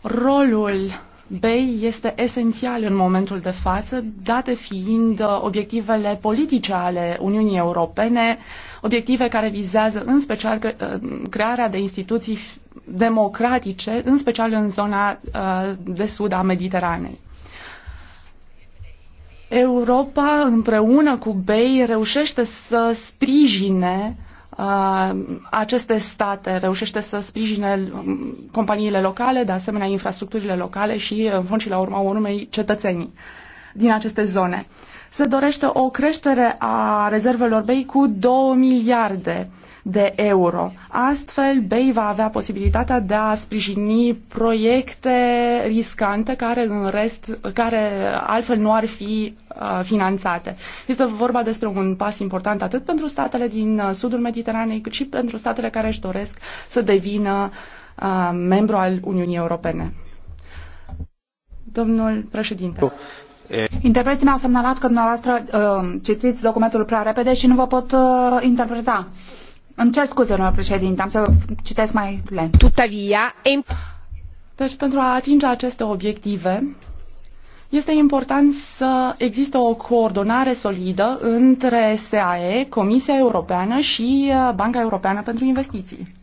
S3: Rolul BEI este esențial în momentul de față, date fiind uh, obiectivele politice ale Uniunii Europene, obiective care vizează în special uh, crearea de instituții democratice, în special în zona uh, de sud a Mediteranei. Europa împreună cu BEI reușește să sprijine Uh, aceste state reușește să sprijine um, companiile locale, de asemenea infrastructurile locale și, în uh, fond și la urma urmei, cetățenii din aceste zone. Se dorește o creștere a rezervelor BEI cu 2 miliarde de euro. Astfel, BEI va avea posibilitatea de a sprijini proiecte riscante care, în rest, care altfel nu ar fi Uh, finanțate. Este vorba despre un pas important atât pentru statele din uh, sudul Mediteranei, cât și pentru statele care își doresc să devină uh, membru al Uniunii Europene. Domnul președinte. Interpreții mi-au semnalat că
S2: dumneavoastră uh, citiți documentul prea repede și nu vă pot uh, interpreta. Îmi cer
S3: scuze, domnule președinte, am să citesc mai lent. Tuttavia, deci pentru a atinge aceste obiective, este important să existe o coordonare solidă între SAE, Comisia Europeană și uh, Banca Europeană pentru Investiții.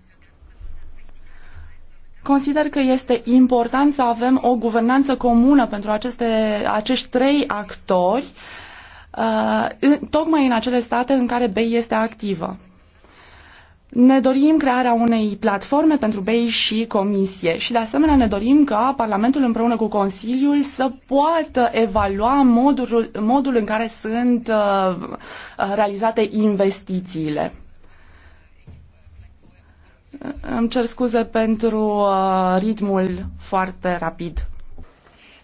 S3: Consider că este important să avem o guvernanță comună pentru aceste, acești trei actori, uh, tocmai în acele state în care BEI este activă. Ne dorim crearea unei platforme pentru BEI și Comisie și de asemenea ne dorim ca Parlamentul împreună cu Consiliul să poată evalua modul, modul în care sunt uh, realizate investițiile. Îmi cer scuze pentru uh, ritmul foarte rapid.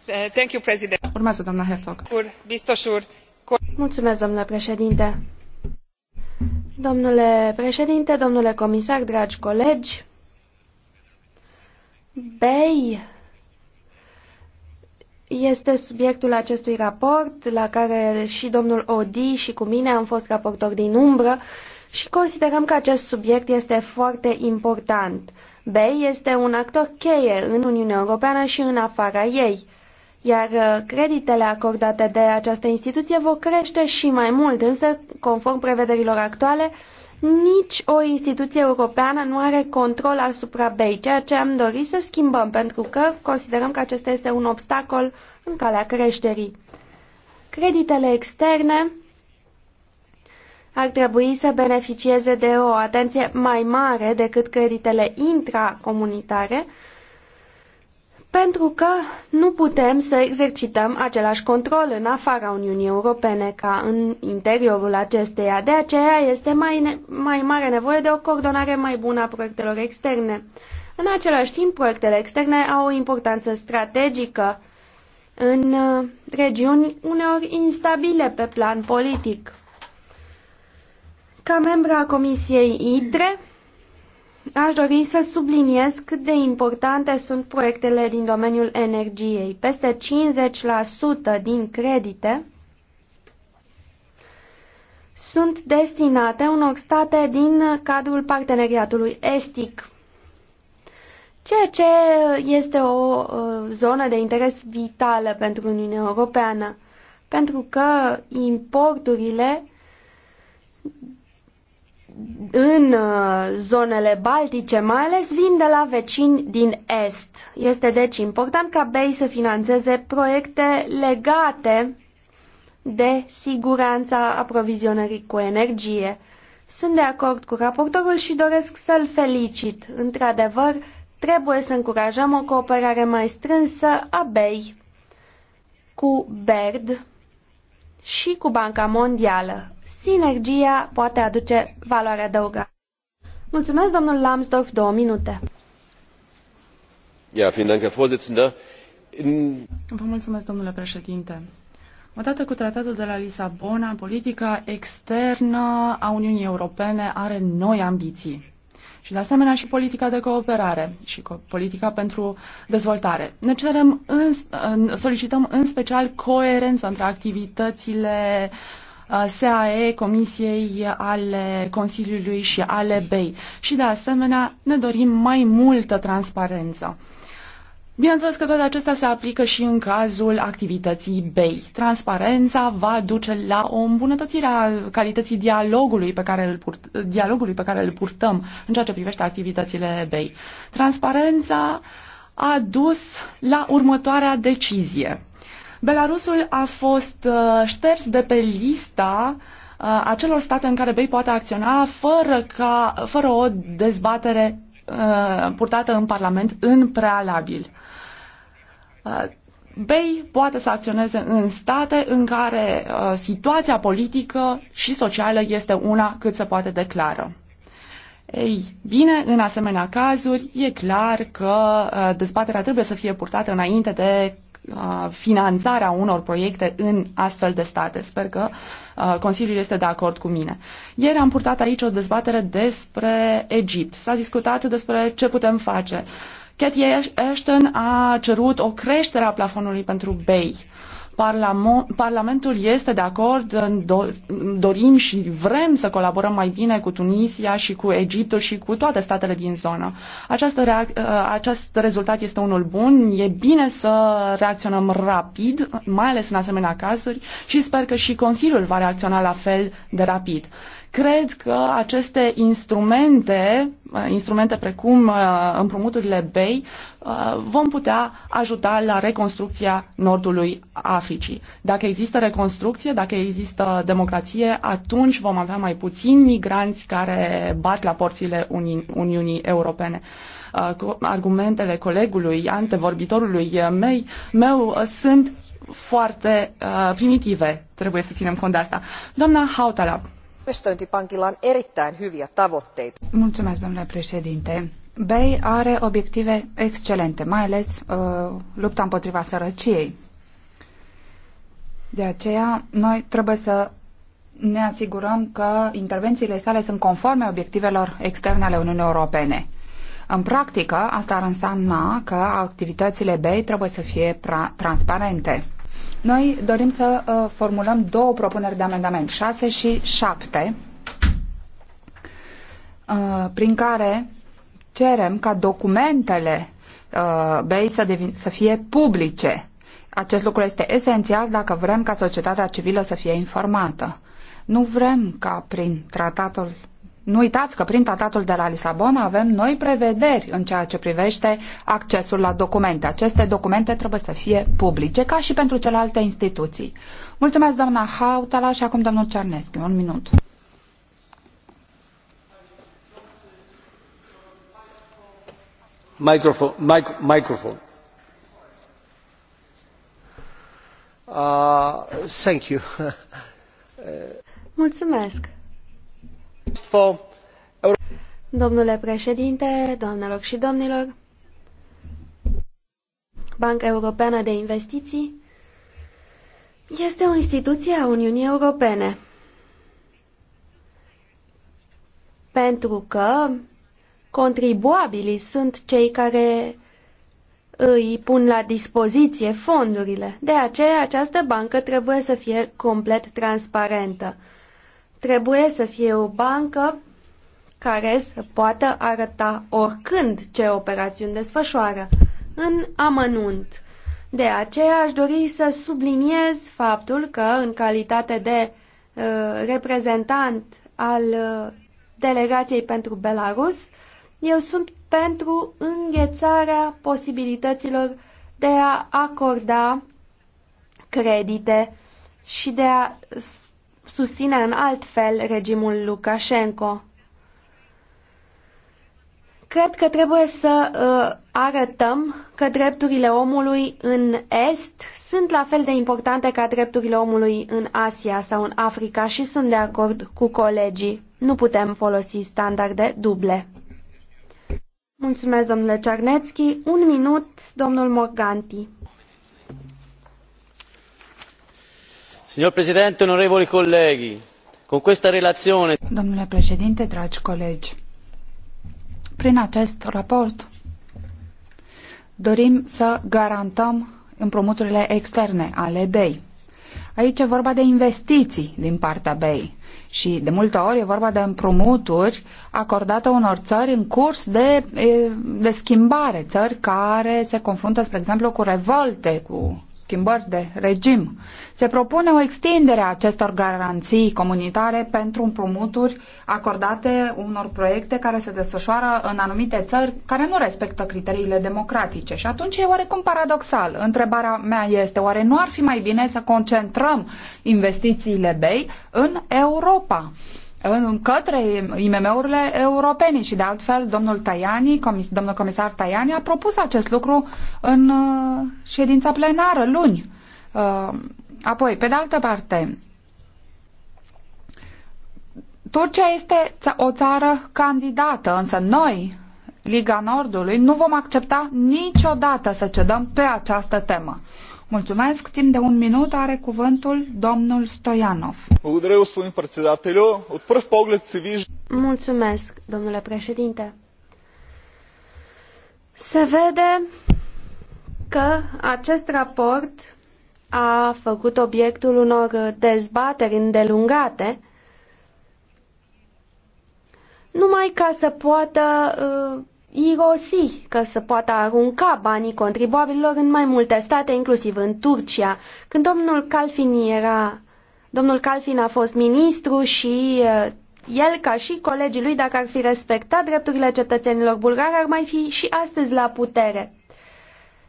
S2: Uh, thank you, President.
S3: Urmează doamna Herzog.
S4: Mulțumesc, domnule președinte. Domnule președinte, domnule comisar, dragi colegi, BEI este subiectul acestui raport, la care și domnul Odi și cu mine am fost raportori din umbră și considerăm că acest subiect este foarte important. BEI este un actor cheie în Uniunea Europeană și în afara ei iar uh, creditele acordate de această instituție vor crește și mai mult, însă, conform prevederilor actuale, nici o instituție europeană nu are control asupra BEI, ceea ce am dorit să schimbăm, pentru că considerăm că acesta este un obstacol în calea creșterii. Creditele externe ar trebui să beneficieze de o atenție mai mare decât creditele intracomunitare, pentru că nu putem să exercităm același control în afara Uniunii Europene ca în interiorul acesteia. De aceea este mai, mai mare nevoie de o coordonare mai bună a proiectelor externe. În același timp, proiectele externe au o importanță strategică în uh, regiuni uneori instabile pe plan politic. Ca membra Comisiei ITRE, Aș dori să subliniez cât de importante sunt proiectele din domeniul energiei. Peste 50% din credite sunt destinate unor state din cadrul parteneriatului estic, ceea ce este o zonă de interes vitală pentru Uniunea Europeană, pentru că importurile în uh, zonele baltice, mai ales vin de la vecini din Est. Este deci important ca BEI să financeze proiecte legate de siguranța aprovizionării cu energie. Sunt de acord cu raportorul și doresc să-l felicit. Într-adevăr, trebuie să încurajăm o cooperare mai strânsă a BEI cu BERD și cu Banca Mondială sinergia poate aduce valoare adăugată.
S3: Mulțumesc, domnul Lambsdorff, două minute.
S1: Ja, vielen Dank, Herr Vorsitzender.
S3: Vă mulțumesc, domnule președinte. Odată cu tratatul de la Lisabona, politica externă a Uniunii Europene are noi ambiții. Și de asemenea și politica de cooperare și politica pentru dezvoltare. Ne cerem, în, solicităm în special coerență între activitățile uh, Uh, SAE, Comisiei ale Consiliului și ale BEI. Și de asemenea ne dorim mai multă transparență. Bineînțeles că toate acestea se aplică și în cazul activității BEI. Transparența va duce la o îmbunătățire a calității dialogului pe care îl, purt, dialogului pe care îl purtăm în ceea ce privește activitățile BEI. Transparența a dus la următoarea decizie. Belarusul a fost uh, șters de pe lista uh, acelor state în care BEI poate acționa fără, ca, fără o dezbatere uh, purtată în Parlament în prealabil. BEI poate să acționeze în state în care uh, situația politică și socială este una cât se poate declară. Ei, bine, în asemenea cazuri, e clar că dezbaterea trebuie să fie purtată înainte de Uh, finanțarea unor proiecte în astfel de state. Sper că uh, Consiliul este de acord cu mine. Ieri am purtat aici o dezbatere despre Egipt. S-a discutat despre ce putem face. Cathy Ashton a cerut o creștere a plafonului pentru BEI. Parlamentul este de acord, dorim și vrem să colaborăm mai bine cu Tunisia și cu Egiptul și cu toate statele din zonă. Această uh, acest rezultat este unul bun, e bine să reacționăm rapid, mai ales în asemenea cazuri și sper că și Consiliul va reacționa la fel de rapid. Cred că aceste instrumente, uh, instrumente precum uh, împrumuturile BEI, uh, vom putea ajuta la reconstrucția nordului Africii. Dacă există reconstrucție, dacă există democrație, atunci vom avea mai puțini migranți care bat la porțile Uni- Uniunii Europene argumentele colegului, antevorbitorului mei, meu sunt foarte uh, primitive. Trebuie să ținem cont de asta. Doamna Hautala, investointipankilla on erittäin hyviä tavoitteita.
S2: Mulțumesc, domnule președinte. BEI are obiective excelente, mai ales uh, lupta împotriva sărăciei. De aceea, noi trebuie să ne asigurăm că intervențiile sale sunt conforme obiectivelor externe ale Uniunii Europene. În practică, asta ar însemna că activitățile BEI trebuie să fie transparente. Noi dorim să uh, formulăm două propuneri de amendament, 6 și 7, uh, prin care cerem ca documentele uh, BEI să, devin, să fie publice. Acest lucru este esențial dacă vrem ca societatea civilă să fie informată. Nu vrem ca prin tratatul nu uitați că prin tratatul de la Lisabona avem noi prevederi în ceea ce privește accesul la documente. Aceste documente trebuie să fie publice, ca și pentru celelalte instituții. Mulțumesc, doamna Hautala, și acum domnul Cernescu. Un minut.
S1: Microfon, mic, microfon. Uh, thank you.
S4: Uh, Mulțumesc. Domnule președinte, doamnelor și domnilor, Banca Europeană de Investiții este o instituție a Uniunii Europene. Pentru că contribuabilii sunt cei care îi pun la dispoziție fondurile. De aceea, această bancă trebuie să fie complet transparentă. Trebuie să fie o bancă care să poată arăta oricând ce operațiuni desfășoară, în amănunt. De aceea aș dori să subliniez faptul că, în calitate de uh, reprezentant al uh, delegației pentru Belarus, eu sunt pentru înghețarea posibilităților de a acorda credite și de a susține în alt fel regimul Lukashenko. Cred că trebuie să uh, arătăm că drepturile omului în Est sunt la fel de importante ca drepturile omului în Asia sau în Africa și sunt de acord cu colegii. Nu putem folosi standarde duble. Mulțumesc, domnule Ciarnețchi. Un minut, domnul Morganti. Signor Presidente, onorevoli colleghi, con questa relazione...
S2: Domnule președinte, dragi colegi, prin acest raport dorim să garantăm împrumuturile externe ale BEI. Aici e vorba de investiții din partea BEI și de multe ori e vorba de împrumuturi acordate unor țări în curs de, de schimbare, țări care se confruntă, spre exemplu, cu revolte, cu schimbări de regim. Se propune o extindere a acestor garanții comunitare pentru împrumuturi acordate unor proiecte care se desfășoară în anumite țări care nu respectă criteriile democratice. Și atunci e oarecum paradoxal. Întrebarea mea este, oare nu ar fi mai bine să concentrăm investițiile BEI în Europa? în către IMM-urile europene și de altfel domnul Tajani, comis, domnul comisar Tajani a propus acest lucru în uh, ședința plenară luni. Uh, apoi, pe de altă parte, Turcia este o țară candidată, însă noi, Liga Nordului, nu vom accepta niciodată să cedăm pe această temă. Mulțumesc. Timp de un minut are cuvântul domnul Stoianov. Mulțumesc, domnule
S4: președinte. Se vede că acest raport a făcut obiectul unor dezbateri îndelungate, numai ca să poată uh, irosi că se poate arunca banii contribuabililor în mai multe state, inclusiv în Turcia. Când domnul Calfin era, domnul Calfin a fost ministru și uh, el, ca și colegii lui, dacă ar fi respectat drepturile cetățenilor bulgari, ar mai fi și astăzi la putere.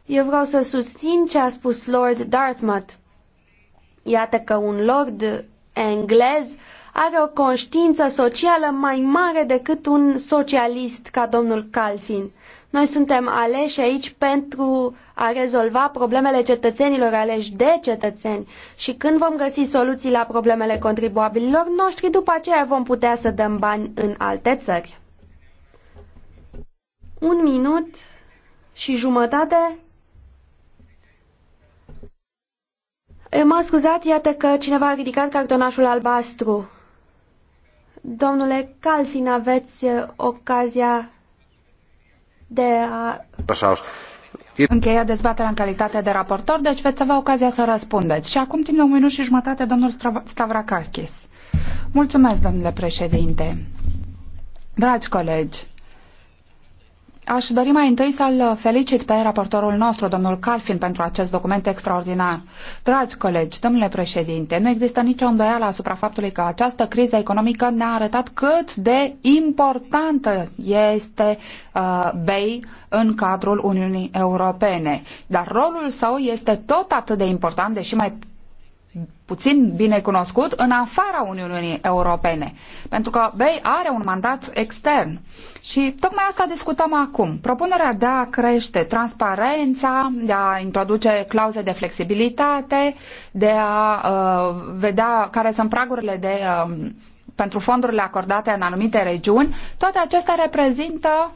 S4: Eu vreau să susțin ce a spus Lord Dartmouth. Iată că un lord englez are o conștiință socială mai mare decât un socialist ca domnul Calfin. Noi suntem aleși aici pentru a rezolva problemele cetățenilor aleși de cetățeni și când vom găsi soluții la problemele contribuabililor noștri, după aceea vom putea să dăm bani în alte țări. Un minut și jumătate. Mă scuzați, iată că cineva a ridicat cartonașul albastru. Domnule Calfin, aveți uh, ocazia
S2: de a... Încheia dezbaterea în calitate de raportor, deci veți avea ocazia să răspundeți. Și acum timp de un minut și jumătate, domnul Stavrakakis. Mulțumesc, domnule președinte. Dragi colegi, Aș dori mai întâi să-l felicit pe raportorul nostru, domnul Calfin, pentru acest document extraordinar. Dragi colegi, domnule președinte, nu există nicio îndoială asupra faptului că această criză economică ne-a arătat cât de importantă este uh, BEI în cadrul Uniunii Europene. Dar rolul său este tot atât de important, deși mai puțin bine cunoscut în afara Uniunii Europene, pentru că BEI are un mandat extern. Și tocmai asta discutăm acum. Propunerea de a crește transparența, de a introduce clauze de flexibilitate, de a uh, vedea care sunt pragurile de, uh, pentru fondurile acordate în anumite regiuni, toate acestea reprezintă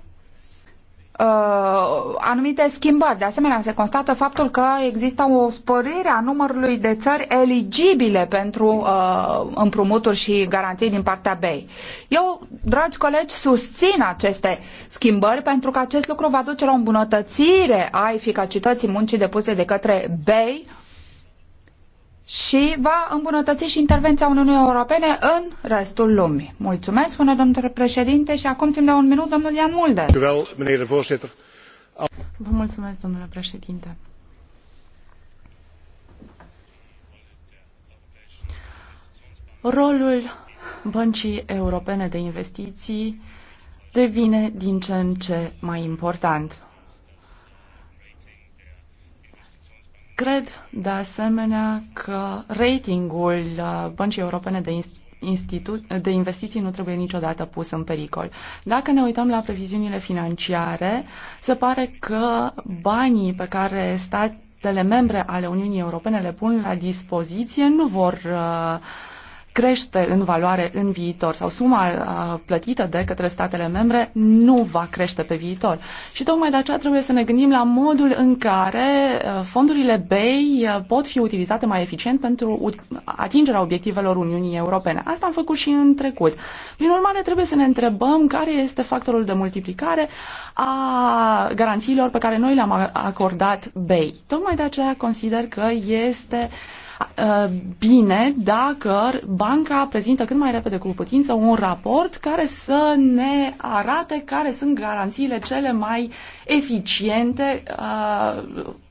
S2: uh, anumite schimbări. De asemenea, se constată faptul că există o sporire a numărului de țări eligibile pentru uh, împrumuturi și garanții din partea BEI. Eu, dragi colegi, susțin aceste schimbări pentru că acest lucru va duce la o îmbunătățire a eficacității muncii depuse de către BEI și va îmbunătăți și intervenția Uniunii Europene în restul lumii. Mulțumesc, spune domnul președinte, și acum timp de un minut,
S3: domnul Ian Mulder. Vă mulțumesc, domnule președinte. Rolul Băncii Europene de Investiții devine din ce în ce mai important. Cred, de asemenea, că ratingul uh, Băncii Europene de institu- de investiții nu trebuie niciodată pus în pericol. Dacă ne uităm la previziunile financiare, se pare că banii pe care statele membre ale Uniunii Europene le pun la dispoziție nu vor uh, crește în valoare în viitor sau suma uh, plătită de către statele membre nu va crește pe viitor. Și tocmai de aceea trebuie să ne gândim la modul în care uh, fondurile BEI uh, pot fi utilizate mai eficient pentru atingerea obiectivelor Uniunii Europene. Asta am făcut și în trecut. Prin urmare, trebuie să ne întrebăm care este factorul de multiplicare a garanțiilor pe care noi le-am acordat BEI. Tocmai de aceea consider că este bine dacă banca prezintă cât mai repede cu putință un raport care să ne arate care sunt garanțiile cele mai eficiente uh,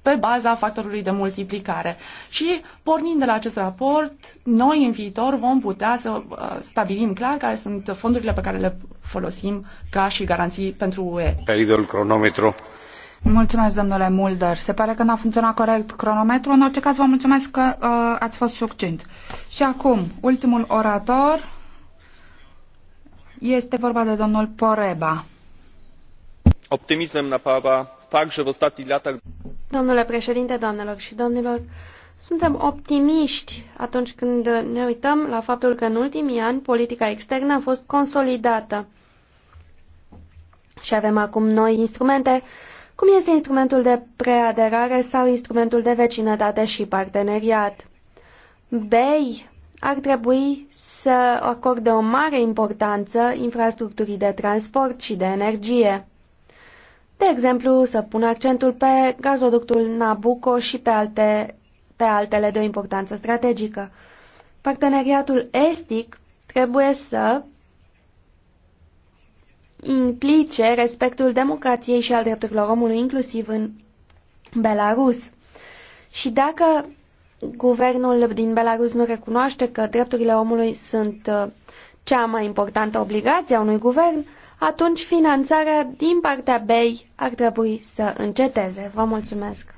S3: pe baza factorului de multiplicare. Și pornind de la acest raport, noi în viitor vom putea să uh, stabilim clar care sunt fondurile pe care le folosim ca și garanții pentru UE.
S1: Peridol cronometru.
S2: Mulțumesc, domnule Mulder. Se pare că n-a funcționat corect cronometrul. În orice caz, vă mulțumesc că uh, ați fost succint. Și acum, ultimul orator este vorba de domnul Poreba.
S1: Optimismem napawa fakt, że w ostatnich latach...
S2: Domnule președinte,
S4: doamnelor și domnilor, suntem optimiști atunci când ne uităm la faptul că în ultimii ani politica externă a fost consolidată și avem acum noi instrumente cum este instrumentul de preaderare sau instrumentul de vecinătate și parteneriat. BEI ar trebui să acorde o mare importanță infrastructurii de transport și de energie. De exemplu, să pună accentul pe gazoductul Nabucco și pe, alte, pe altele de o importanță strategică. Parteneriatul estic trebuie să implice respectul democrației și al drepturilor omului, inclusiv în Belarus. Și dacă guvernul din Belarus nu recunoaște că drepturile omului sunt uh, cea mai importantă obligație a unui guvern, atunci finanțarea
S2: din partea BEI ar trebui să înceteze. Vă mulțumesc!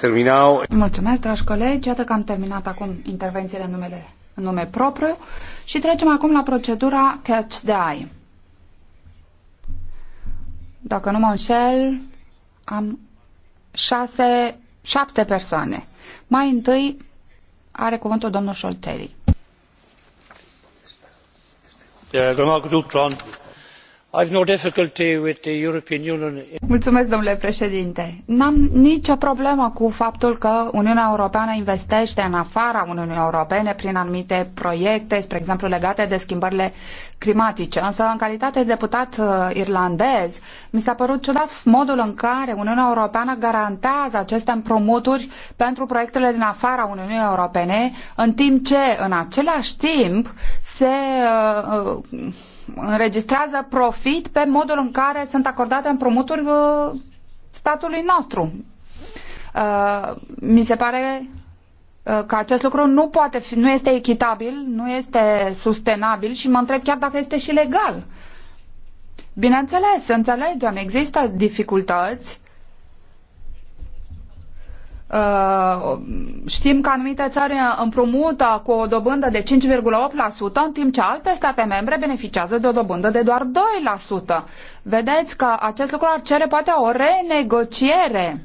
S3: Terminau.
S2: Mulțumesc, dragi colegi! Iată că am terminat acum intervențiile în, numele, în nume propriu și trecem acum la procedura Catch the Eye dacă nu mă înșel, am șase, șapte persoane. Mai întâi are cuvântul domnul Șolteri domnule președinte nu am nicio problemă cu faptul că uniunea europeană investește în afara uniunii europene prin anumite proiecte spre exemplu legate de schimbările climatice însă în calitate de deputat uh, irlandez mi s a părut ciudat modul în care uniunea europeană garantează aceste împrumuturi pentru proiectele din afara uniunii europene în timp ce în același timp se uh, uh înregistrează profit pe modul în care sunt acordate împrumuturi uh, statului nostru. Uh, mi se pare uh, că acest lucru nu poate fi, nu este echitabil, nu este sustenabil și mă întreb chiar dacă este și legal. Bineînțeles, înțelegem, există dificultăți Uh, știm că anumite țări împrumută cu o dobândă de 5,8%, în timp ce alte state membre beneficiază de o dobândă de doar 2%. Vedeți că acest lucru ar cere poate o renegociere.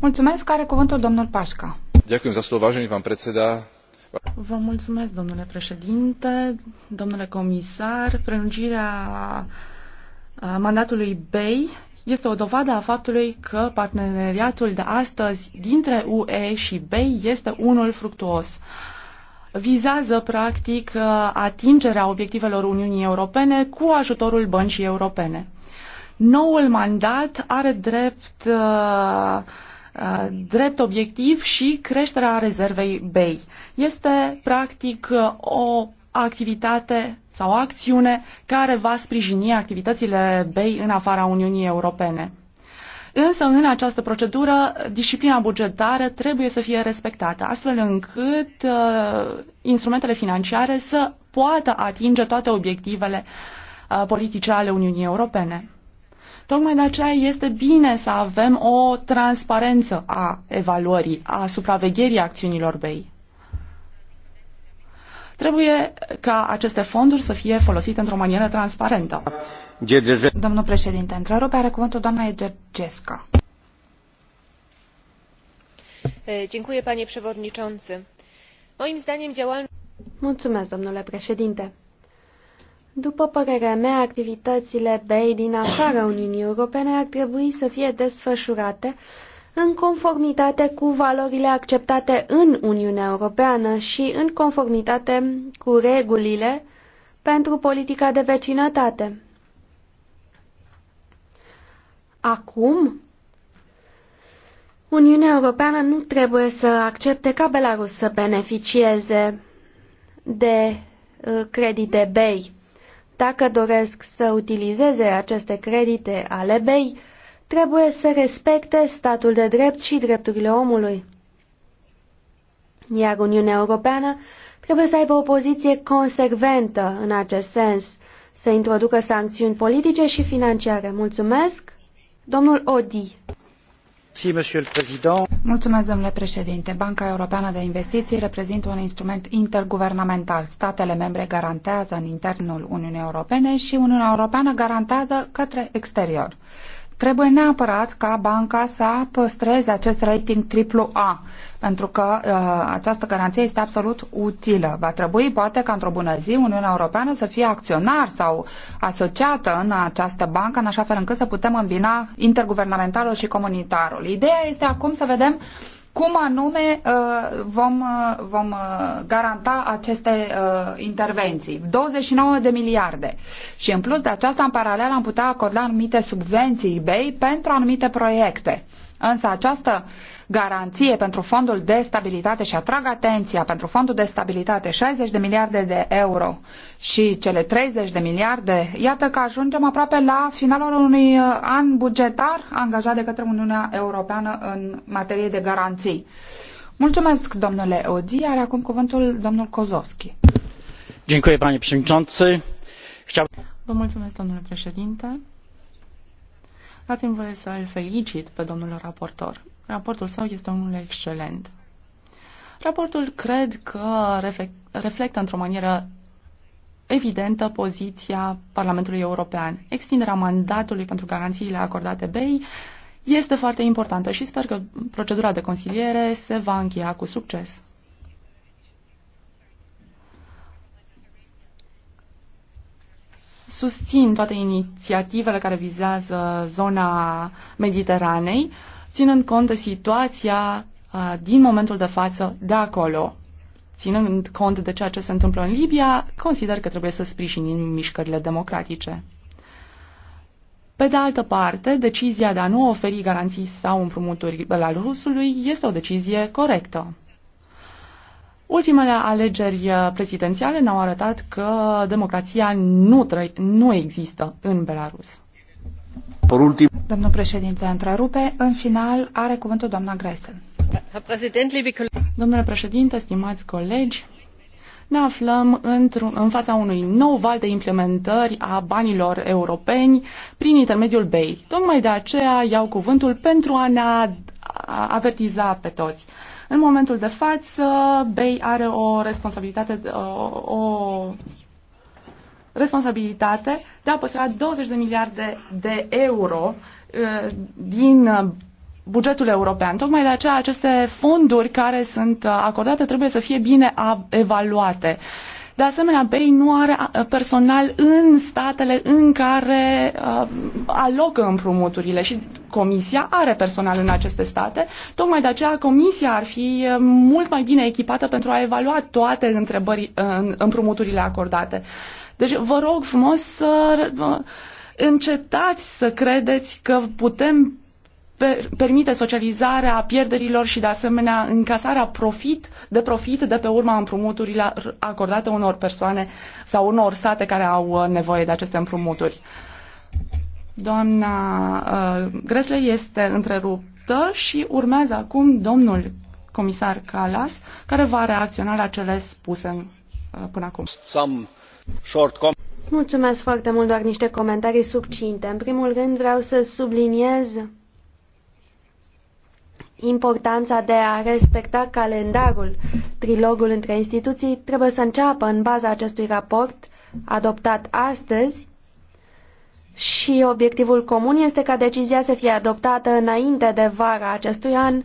S3: Mulțumesc, Care cuvântul domnul Pașca. Ďakujem za slovo, vážený pán predseda, Vă mulțumesc, domnule președinte, domnule comisar. Prelungirea mandatului BEI este o dovadă a faptului că parteneriatul de astăzi dintre UE și BEI este unul fructuos. Vizează, practic, atingerea obiectivelor Uniunii Europene cu ajutorul băncii europene. Noul mandat are drept, drept obiectiv și creșterea rezervei BEI. Este, practic, o activitate sau acțiune care va sprijini activitățile BEI în afara Uniunii Europene. Însă, în această procedură, disciplina bugetară trebuie să fie respectată, astfel încât uh, instrumentele financiare să poată atinge toate obiectivele uh, politice ale Uniunii Europene. Tocmai de aceea este bine să avem o transparență a evaluării, a supravegherii acțiunilor BEI. Trebuie ca aceste fonduri să fie folosite într-o manieră transparentă. Domnul președinte, întrerupe are cuvântul doamna Egergesca. Dziękuję, panie przewodniczący. Moim zdaniem działalność...
S4: Mulțumesc, domnule președinte. După părerea mea, activitățile BEI din afara Uniunii Europene ar trebui să fie desfășurate în conformitate cu valorile acceptate în Uniunea Europeană și în conformitate cu regulile pentru politica de vecinătate. Acum, Uniunea Europeană nu trebuie să accepte ca Belarus să beneficieze de uh, credite BEI. Dacă doresc să utilizeze aceste credite ale BEI, trebuie să respecte statul de drept și drepturile omului. Iar Uniunea Europeană trebuie să aibă o poziție consecventă în acest sens, să introducă sancțiuni politice
S2: și financiare. Mulțumesc, domnul Odi. Mulțumesc, domnule președinte. Banca Europeană de Investiții reprezintă un instrument interguvernamental. Statele membre garantează în internul Uniunii Europene și Uniunea Europeană garantează către exterior. Trebuie neapărat ca banca să păstreze acest rating AAA, pentru că uh, această garanție este absolut utilă. Va trebui poate ca într-o bună zi Uniunea Europeană să fie acționar sau asociată în această bancă, în așa fel încât să putem îmbina interguvernamentalul și comunitarul. Ideea este acum să vedem uh, cum anume uh, vom, uh, vom uh, garanta aceste intervenții? 29 de miliarde. Și în plus de aceasta, în paralel, am putea acorda anumite subvenții eBay pentru anumite proiecte. Însă această uh, garanție pentru fondul de stabilitate și atrag atenția pentru fondul de stabilitate 60 de miliarde de euro și cele 30 de miliarde, iată că ajungem aproape la finalul unui uh, an bugetar angajat de către Uniunea Europeană în materie de garanții. Mulțumesc, domnule Odi, are acum cuvântul domnul Kozovski.
S3: Dziękuję, panie przewodniczący. Vă mulțumesc, domnule președinte. Dați-mi voie să îl felicit pe domnul raportor. Raportul său este unul excelent. Raportul cred că reflectă într-o manieră evidentă poziția Parlamentului European. Extinderea mandatului pentru garanțiile acordate BEI este foarte importantă și sper că procedura de consiliere se va încheia cu succes. Susțin toate inițiativele care vizează zona Mediteranei ținând cont de situația uh, din momentul de față de acolo. Ținând cont de ceea ce se întâmplă în Libia, consider că trebuie să sprijinim mișcările democratice. Pe de altă parte, decizia de a nu oferi garanții sau împrumuturi Belarusului este o decizie corectă. Ultimele alegeri prezidențiale ne-au arătat că democrația nu, tră- nu există în Belarus. Ultim... Domnul președinte, întrerupe. În final are cuvântul doamna Gresel. Domnule președinte, stimați colegi, ne aflăm în fața unui nou val de implementări a banilor europeni prin intermediul BEI. Tocmai de aceea iau cuvântul pentru a ne avertiza pe toți. În momentul de față, BEI are o responsabilitate, o, o responsabilitate de a păstra 20 de miliarde de euro uh, din uh, bugetul european. Tocmai de aceea aceste fonduri care sunt uh, acordate trebuie să fie bine evaluate. De asemenea, BEI nu are personal în statele în care uh, alocă împrumuturile și Comisia are personal în aceste state. Tocmai de aceea Comisia ar fi mult mai bine echipată pentru a evalua toate întrebări, uh, împrumuturile acordate. Uh, deci vă rog frumos să încetați să credeți că putem permite socializarea pierderilor și de asemenea încasarea profit de profit de pe urma împrumuturilor acordate unor persoane sau unor state care au uh, nevoie de aceste împrumuturi. Doamna uh, Gresle este întreruptă și urmează acum domnul comisar Calas, care va reacționa la cele spuse uh, până acum. Some
S4: Mulțumesc foarte mult, doar niște comentarii succinte. În primul rând vreau să subliniez importanța de a respecta calendarul. Trilogul între instituții trebuie să înceapă în baza acestui raport adoptat astăzi și obiectivul comun este ca decizia să fie adoptată înainte de vara acestui an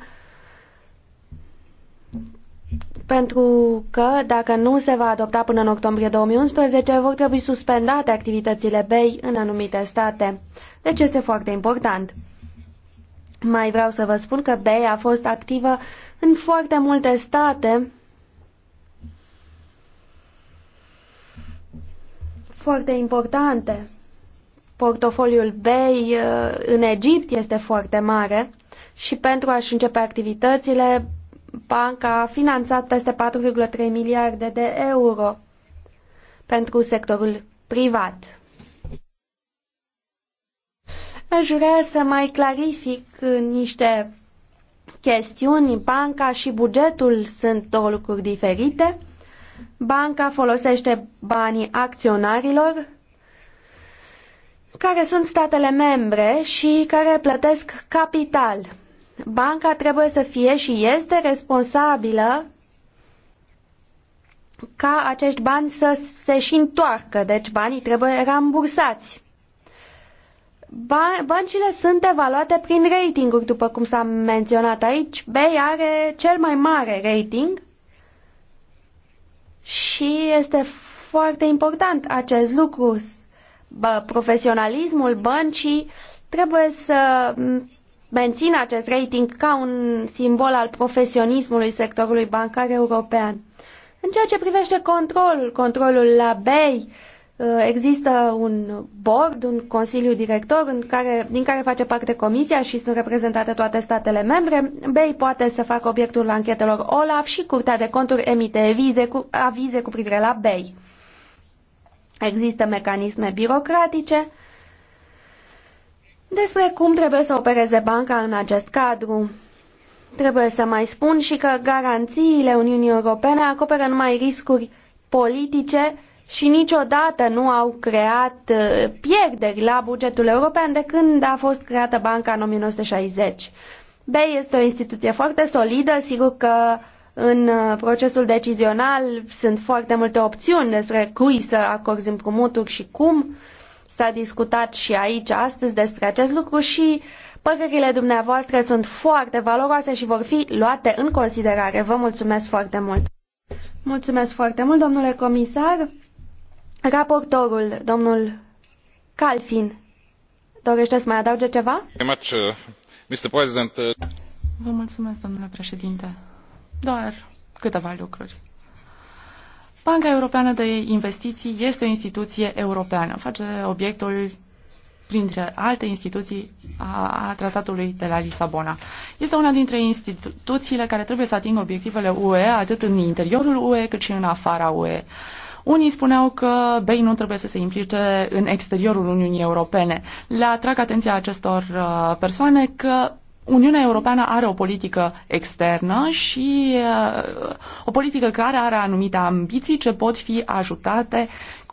S4: pentru că dacă nu se va adopta până în octombrie 2011, vor trebui suspendate activitățile BEI în anumite state. Deci este foarte important. Mai vreau să vă spun că BEI a fost activă în foarte multe state, foarte importante. Portofoliul BEI uh, în Egipt este foarte mare și pentru a-și începe activitățile, banca a finanțat peste 4,3 miliarde de euro pentru sectorul privat. Aș vrea să mai clarific niște chestiuni. Banca și bugetul sunt două lucruri diferite. Banca folosește banii acționarilor, care sunt statele membre și care plătesc capital Banca trebuie să fie și este responsabilă ca acești bani să se și întoarcă, deci banii trebuie rambursați. băncile sunt evaluate prin ratinguri, după cum s-a menționat aici. BEI are cel mai mare rating și este foarte important acest lucru. Bă, profesionalismul băncii trebuie să mențin acest rating ca un simbol al profesionismului sectorului bancar european. În ceea ce privește controlul, controlul la BEI, uh, există un board, un consiliu director în care, din care face parte comisia și sunt reprezentate toate statele membre. BEI poate să facă obiectul anchetelor OLAF și Curtea de Conturi emite avize cu, avize cu privire la BEI. Există mecanisme birocratice despre cum trebuie să opereze banca în acest cadru. Trebuie să mai spun și că garanțiile Uniunii Europene acoperă numai riscuri politice și niciodată nu au creat uh, pierderi la bugetul european de când a fost creată banca în 1960. BEI este o instituție foarte solidă, sigur că în uh, procesul decizional sunt foarte multe opțiuni despre cui să acorzi împrumuturi și cum, S-a discutat și aici astăzi despre acest lucru și părerile dumneavoastră sunt foarte valoroase și vor fi luate în considerare. Vă mulțumesc foarte mult! Mulțumesc foarte mult, domnule comisar! Raportorul, domnul Calfin,
S3: dorește să mai adauge ceva?
S1: Uh, uh.
S3: Vă mulțumesc, domnule președinte. Doar câteva lucruri. Banca Europeană de Investiții este o instituție europeană, face obiectul printre alte instituții a, a tratatului de la Lisabona. Este una dintre instituțiile care trebuie să atingă obiectivele UE atât în interiorul UE cât și în afara UE. Unii spuneau că BEI nu trebuie să se implice în exteriorul Uniunii Europene. Le atrag atenția acestor uh, persoane că Uniunea Europeană are o politică externă și uh, o politică care are anumite ambiții ce pot fi ajutate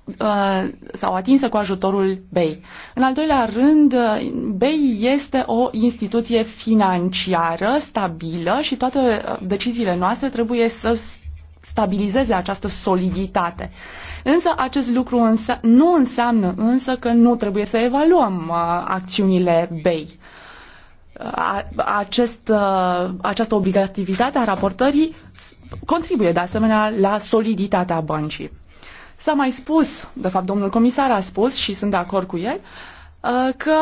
S3: uh, sau atinse cu ajutorul BEI. În al doilea rând, uh, BEI este o instituție financiară stabilă și toate deciziile noastre trebuie să stabilizeze această soliditate. Însă acest lucru înse- nu înseamnă însă că nu trebuie să evaluăm acțiunile BEI acest, această obligativitate a raportării contribuie de asemenea la soliditatea băncii. S-a mai spus, de fapt domnul comisar a spus și sunt de acord cu el, că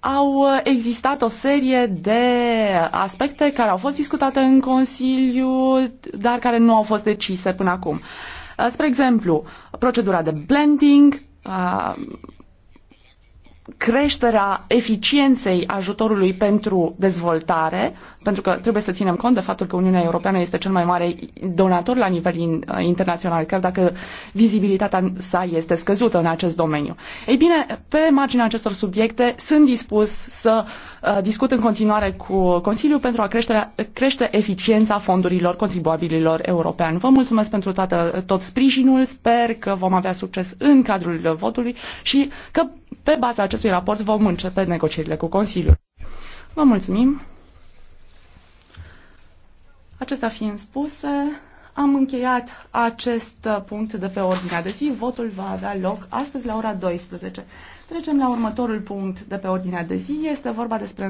S3: au existat o serie de aspecte care au fost discutate în Consiliu, dar care nu au fost decise până acum. Spre exemplu, procedura de blending, creșterea eficienței ajutorului pentru dezvoltare pentru că trebuie să ținem cont de faptul că Uniunea Europeană este cel mai mare donator la nivel uh, internațional, chiar dacă vizibilitatea sa este scăzută în acest domeniu. Ei bine, pe marginea acestor subiecte sunt dispus să uh, discut în continuare cu Consiliul pentru a crește, crește eficiența fondurilor contribuabililor europeni. Vă mulțumesc pentru toată, tot sprijinul, sper că vom avea succes în cadrul votului și că pe baza acestui raport vom începe negocierile cu Consiliul. Vă mulțumim! Acestea fiind spuse, am încheiat acest punct de pe ordinea de zi. Votul va avea loc astăzi la ora 12. Trecem la următorul punct de pe ordinea de zi. Este vorba despre